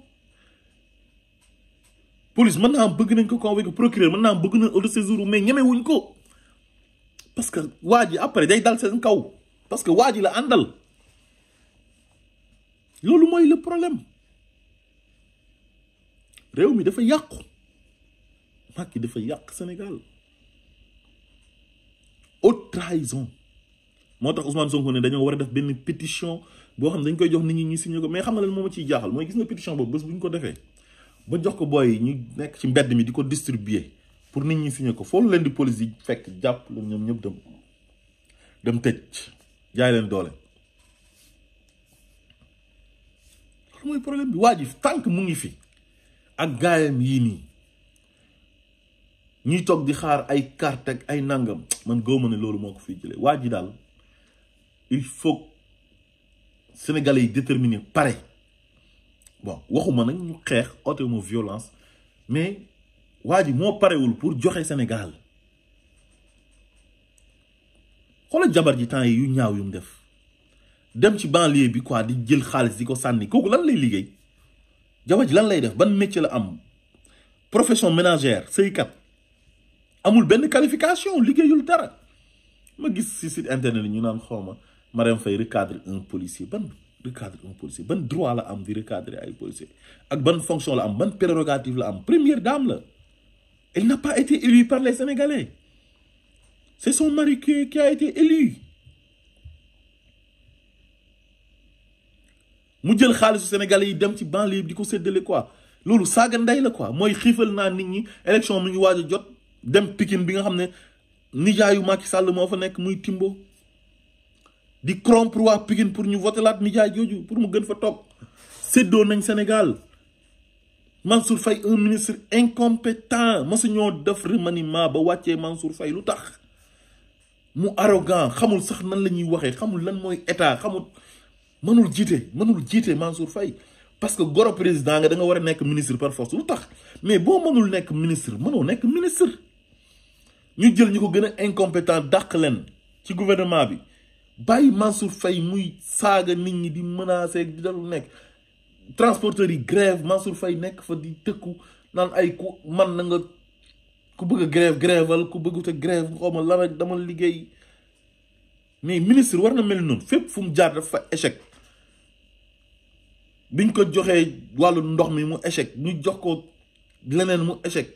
police mën naa am bëgg nañ ko convoqué procureur mën naa am bëgg nañ auto séjour mais ñemewuñ ko parce que waa ji après day dal seen kaw parce que waa la andal loolu moy le problème réew mi dafa Yak. Macky dafa Yak Sénégal Autre trahison Moi Ousmane Sonko ne dit wara def une pétition pour xam ne dañ koy jox nit ñi signé ko mais xam nga leen moom ciy jaaxal gis nga pétition vous bëss buñ ko défé ba jox ko que ñu nekk ci mbedd mi diko distribuer pour nit ñi signé ko fo leen di police yi fekk jàpp leen ñëpp dem dem tecc jaay leen doole loolu mooy problème bi waa ji tànk mu ngi fi ak gaayam yii nii ñuy toog di xaar ay carte ak ay nangam man gëw ma ne loolu moo ko fiy jëlee waa il faut Sénégalais yi déterminer pare bon waxuma nak ñu xeex auto ma violence mais waa mo paré wul pour joxé Sénégal xoolal jabar ji temps yi yu ñaaw yu mu def dem ci banlieue bi quoi di jël xaalis di ko sànni kooku lan lay liggéey jabar ji lan lay def ban métier la am profession ménagère kat amul benn qualification liggéeyul dara ma gis si site internet ñu naan xawma Marème fay recadre un policier ban recadre un policier ban droit la am di recadrer ay policier ak ban fonction la am ban prérogative la am première dame la elle n'a pas été élue par les sénégalais c'est son mari qui, qui, a été élu. mu jël au Sénégalais yi dem ci banlieue du di de séddale quoi loolu saaga la quoi mooy xiifal naa nit ñi élection mi ngi waaj jot dem pikin bi nga xam ne nijaayu Macky Sall mo fa nek muy Timbo di corrompre waa pikin pour ñu voter lat nijaay joju pour mu gën fa top séddoo nañ Sénégal Mansour Fay un ministre incompétent mosu ñoo def remaniement ba wàccee Mansour Fay lutax mu arrogant xamul sax nan la ñuy waxee xamul lan mooy état xamul mënul jiite mënul jiite Mansour fay parce que goro président nga da nga war a nekk ministre par force lu tax mais boo mënul nekk ministre mënoo nekk ministre ñu jël ñu ko gën a incompétent dàq leen ci gouvernement bi bàyyi Mansour fay muy saaga nit ñi di menacer di dalul nekk transporteurs yi grève Mansour fay nekk fa di tëkku naan ay ku man na nga ku bëgg grève grèveal ku grève dama liggéey mais ministre war na mel noonu fépp fu mu jaar dafa échec biñ ko joxee wàllu ndox mi mu échec ñu jox ko leneen mu échec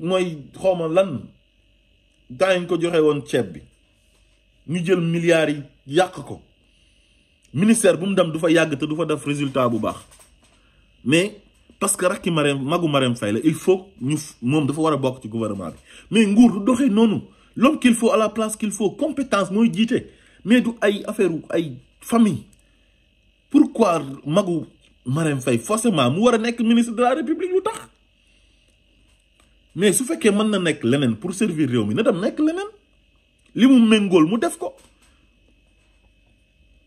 mooy lan ko joxe woon ceeb bi ñu milliards yi yàq ko ministère bu mu dem du fa résultat bu baax mais parce que rakki Marème magu Marème Faye il faut ñu mom dafa wara a bokk ci gouvernement bi mais nguur du doxee noonu l'homme qu'il faut à la place qu'il faut compétence moy jiite mais du ay affaire ay famille pourquoi magu Marème Faye forcément mu wara nek ministre de la république lu tax mais su fekkee mën na nek lenen pour servir réew mi na dem nek lenen limu mengol mu def ko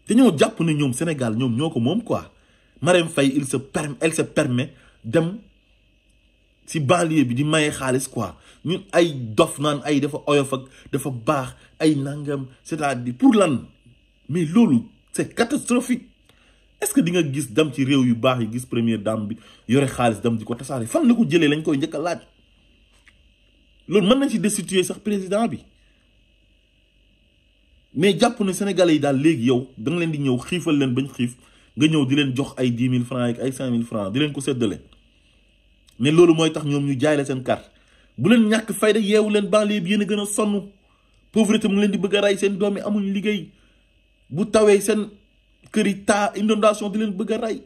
te ñoo jàpp ne ñoom Sénégal ñom ñoko mom quoi Marème Faye il se permet elle se permet dem ci banlieue bi di maye xaalis quoi ñun ay dof nan ay dafa oyof ak dafa bax ay nangam c'est-à-dire pour lan mais lolu c'est catastrophique est-ce que di nga gis dam ci rew yu bax yi gis premier dame bi yore xaalis dam di ko tasaare fan la ko jëlee lañ koy ñëk a laaj loolu mën nañ ci destituer sax président bi mais jàpp na sénégalais yi daal légui yow da nga leen di ñew xiifal leen bañ xif nga ñëw di leen jox ay dix mille francs ak ay cinq mille francs di leen ko seddale mais loolu mooy tax ñoom ñu jaay seen carte bu leen ñàkk fayda yeewu leen banlieue bi yéen a gën a sonn pauvreté mu leen di bëgg a rey seen doom yi amuñ liggéey bu tawee seen kër yi taa inondation di leen bëgg a rey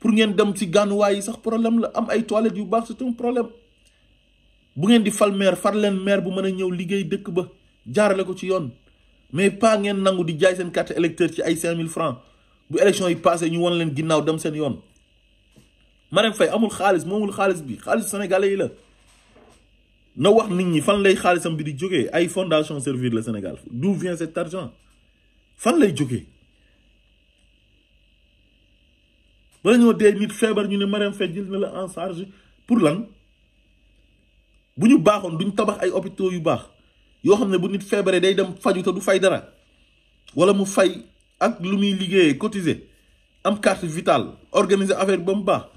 pour ngeen dem ci gànnuwaay sax problème la am ay toilettes yu baax c'est un problème bu ngeen di fal maire far leen maire bu mën a ñëw liggéey dëkk ba jaarale ko ci yoon mais pas ngeen nangu di jaay seen carte électeur ci ay cinq mille francs bu élection yi passé ñu won leen ginnaaw dem seen yoon Faye amul xaalis moomul xaalis bi xaalis sénégalais yi la na wax nit ñi fan lay xaalisam bi di jógee ay fondation servir le Sénégal d'où vient cet argent fan lay jógee bala ñoo dee nit ñu ne Faye jël na la en charge pour lan bu ñu baaxoon duñ tabax ay hôpitaux yu ne bu nit feebaree day dem faju te du fay dara wala mu fay ak lu muy liggéeyee cotiser am carte vitale organiser affaire bam ba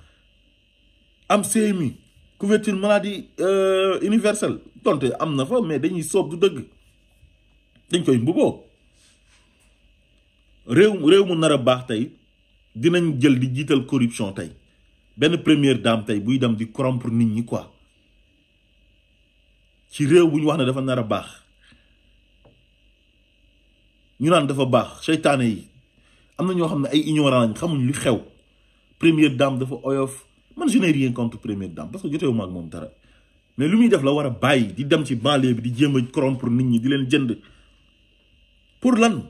am CMI couverture maladie euh universelle tonte am na fa mais dañuy soob du deug dañ koy mbuboo réew rew mu nara bax tay tey dinañ jël di jital corruption tay ben première dame tay buy dam di corrompre nit ñi quoi ci rew buñ wax na dafa nara bax ñu naan dafa baax seytaane yi am na ñoo xam ne ay ignorant lañ xamuñ li xew première dame dafa oyof man je n'ai rien contre première dame parce que jotewuma ak moom dara mais lu muy def la war a bàyyi di dem ci banlieue bi di jéem a corrompre nit ñi di leen jënd pour lan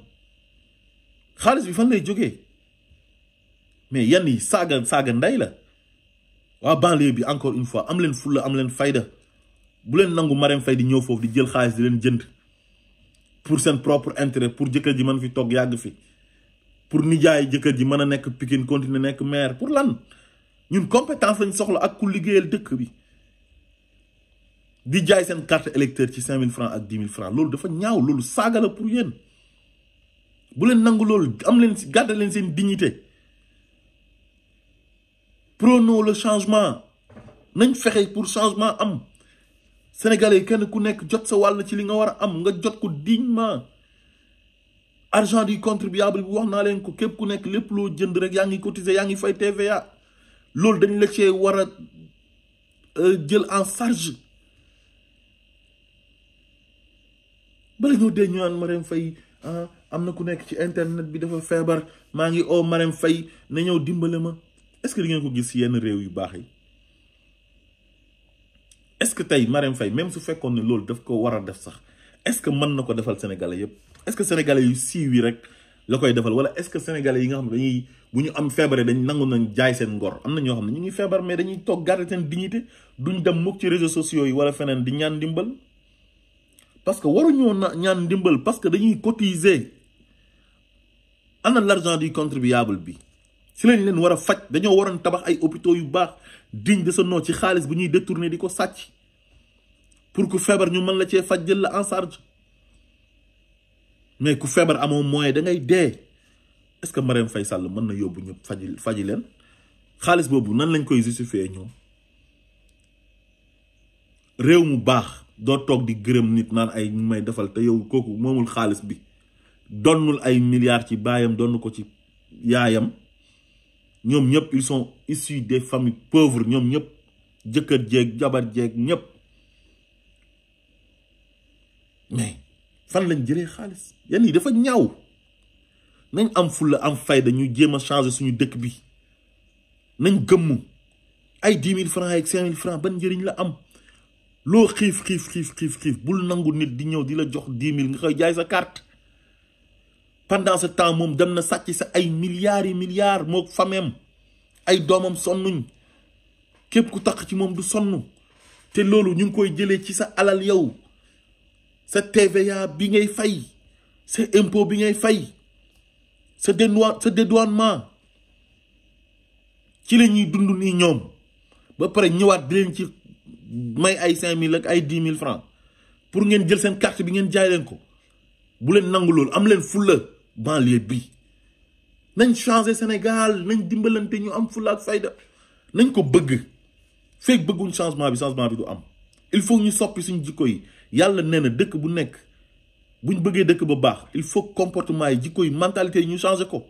xaalis bi fan lay jógee mais yan yi saaga saaga nday la waa banlieue bi encore une fois am leen fulla am leen fayda bu leen nangu Marème Faye di ñëw foofu di jël xaalis di leen jënd pour son propre intérêt pour dire que fi tok yag fi pour nijaay ji Pikine maire pour ñun compétence lañ soxla ak ku les dëkk bi di jaay sen carte électeur ci francs ak 10 francs loolu dafa ñaaw loolu la pour bu loolu am si leen dignité prenons le changement nañ pour changement sénégalais yi kenn ku nekk jot sa wàll ci li nga war a am nga jot ko dignement argent du contribuable bi wax naa leen ko képp ku nekk lépp loo jënd rek yaa ngi cotiser yaa ngi fay TVA loolu dañ la cee war a euh, jël en charge bala ñoo dee ñu naan Marème Faye ah, am na ku nekk ci internet bi dafa feebar maa ngi oo Marème fay na ñëw dimbale ma est-ce que di ngeen ko gis yenn réew yu baax yi. est ce que tay Marème Faye même su fekkone ne loolu daf ko wara def sax est ce que mën nako defal sénégalais yëpp est ce que sénégalais yu siwi rek la koy defal wala est ce que sénégalais yi nga xam dañuy buñu am fièvre dañ nangu nañ jaay sen ngor amna ño ñoo ñu ngi fièvre mais dañuy toog garder seen dignité duñ dem mukk ci réseaux sociaux yi wala fenen di ñaan dimbal parce que waru ñu ñaan dimbal parce que dañuy cotiser ana l'argent du contribuable bi si lañ leen war a faj dañoo waroon tabax ay hôpitaux yu baax digne de noo ci xaalis bu ñuy détourné di ko sàcc pour ku feebar ñu mën la cee faj jël la en sharge mais ku feebar amoon moyen da ngay dee est-ce que Marème Faye Sall mën na yóbbu ñëpp faji faji leen xaalis boobu nan lañ koy justifier ñoom réew mu baax doo toog di gërëm nit naan ay may defal te yow kooku moomul xaalis bi donnul ay milliards ci baayam donn ko ci yaayam ñom ñëpp ils sont issus des familles pauvres ñom ñëpp jëkkër jeeg jabar jeeg ñëpp mais fan lañ jëlé xaalis des dafa ñaaw nañ am fulla am fayda ñu jéem changer suñu dëkk bi nañ gëm ay 10000 francs ak 5000 francs ban jëriñ la am lo xif xif xif xif xif bul nangu nit di ñëw di la jox nga carte pendant ce temps moom dem na sàcc sa ay milliards yi milliards mook fameem ay doomam sonnuñ képp ku taq ci moom du sonn te loolu ñu ngi koy jëlee ci sa alal yow sa TVA bi ngay fay sa impôt bi ngay fay sa dédouane sa dédouanement ci la ñuy dund nii ñoom ba pare ñëwaat bi leen ci may ay cinq mille ak ay dix mille francs pour ngeen jël seen carte bi ngeen jaay leen ko bu leen nangu loolu am leen fulla banlieue bii nañ changer Sénégal nañ dimbalante ñu am fulla fayda nañ ko bëgg fekk bëgguñ changement bi changement bi du am il faut ñu soppi suñ jikko yi yàlla nee na dëkk bu nekk buñ bëggee dëkk ba baax il faut comportement yi jikko yi mentalité yi ñu changer ko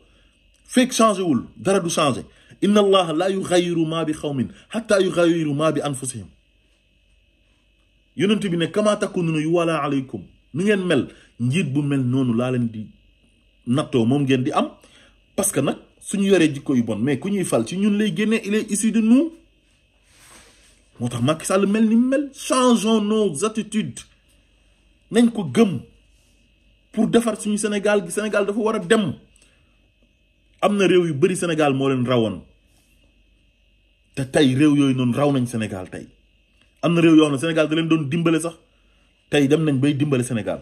fekk changé wul dara du changé inna allaha la yuxayiru ma bi xawmin xatta yuxayiru ma bi anfusihim yonent bi ne kama takununa yu wala nu ngeen mel njiit bu mel noonu laa leen di nattoo moom ngeen di am parce que nag suñu yoree jikko yu bon mais ku ñuy fal ci ñun lay génnee il est issu de nous moo tax Macky Sall mel ni mel changeons nos attitudes nañ ko gëm pour defar suñu Sénégal gi Sénégal dafa war a dem am na réew yu bëri Sénégal moo leen rawoon te tey réew yooyu noonu raw nañ Sénégal tey am na réew yoo xam ne Sénégal da leen doon dimbale sax tey dem nañ bay dimbale Sénégal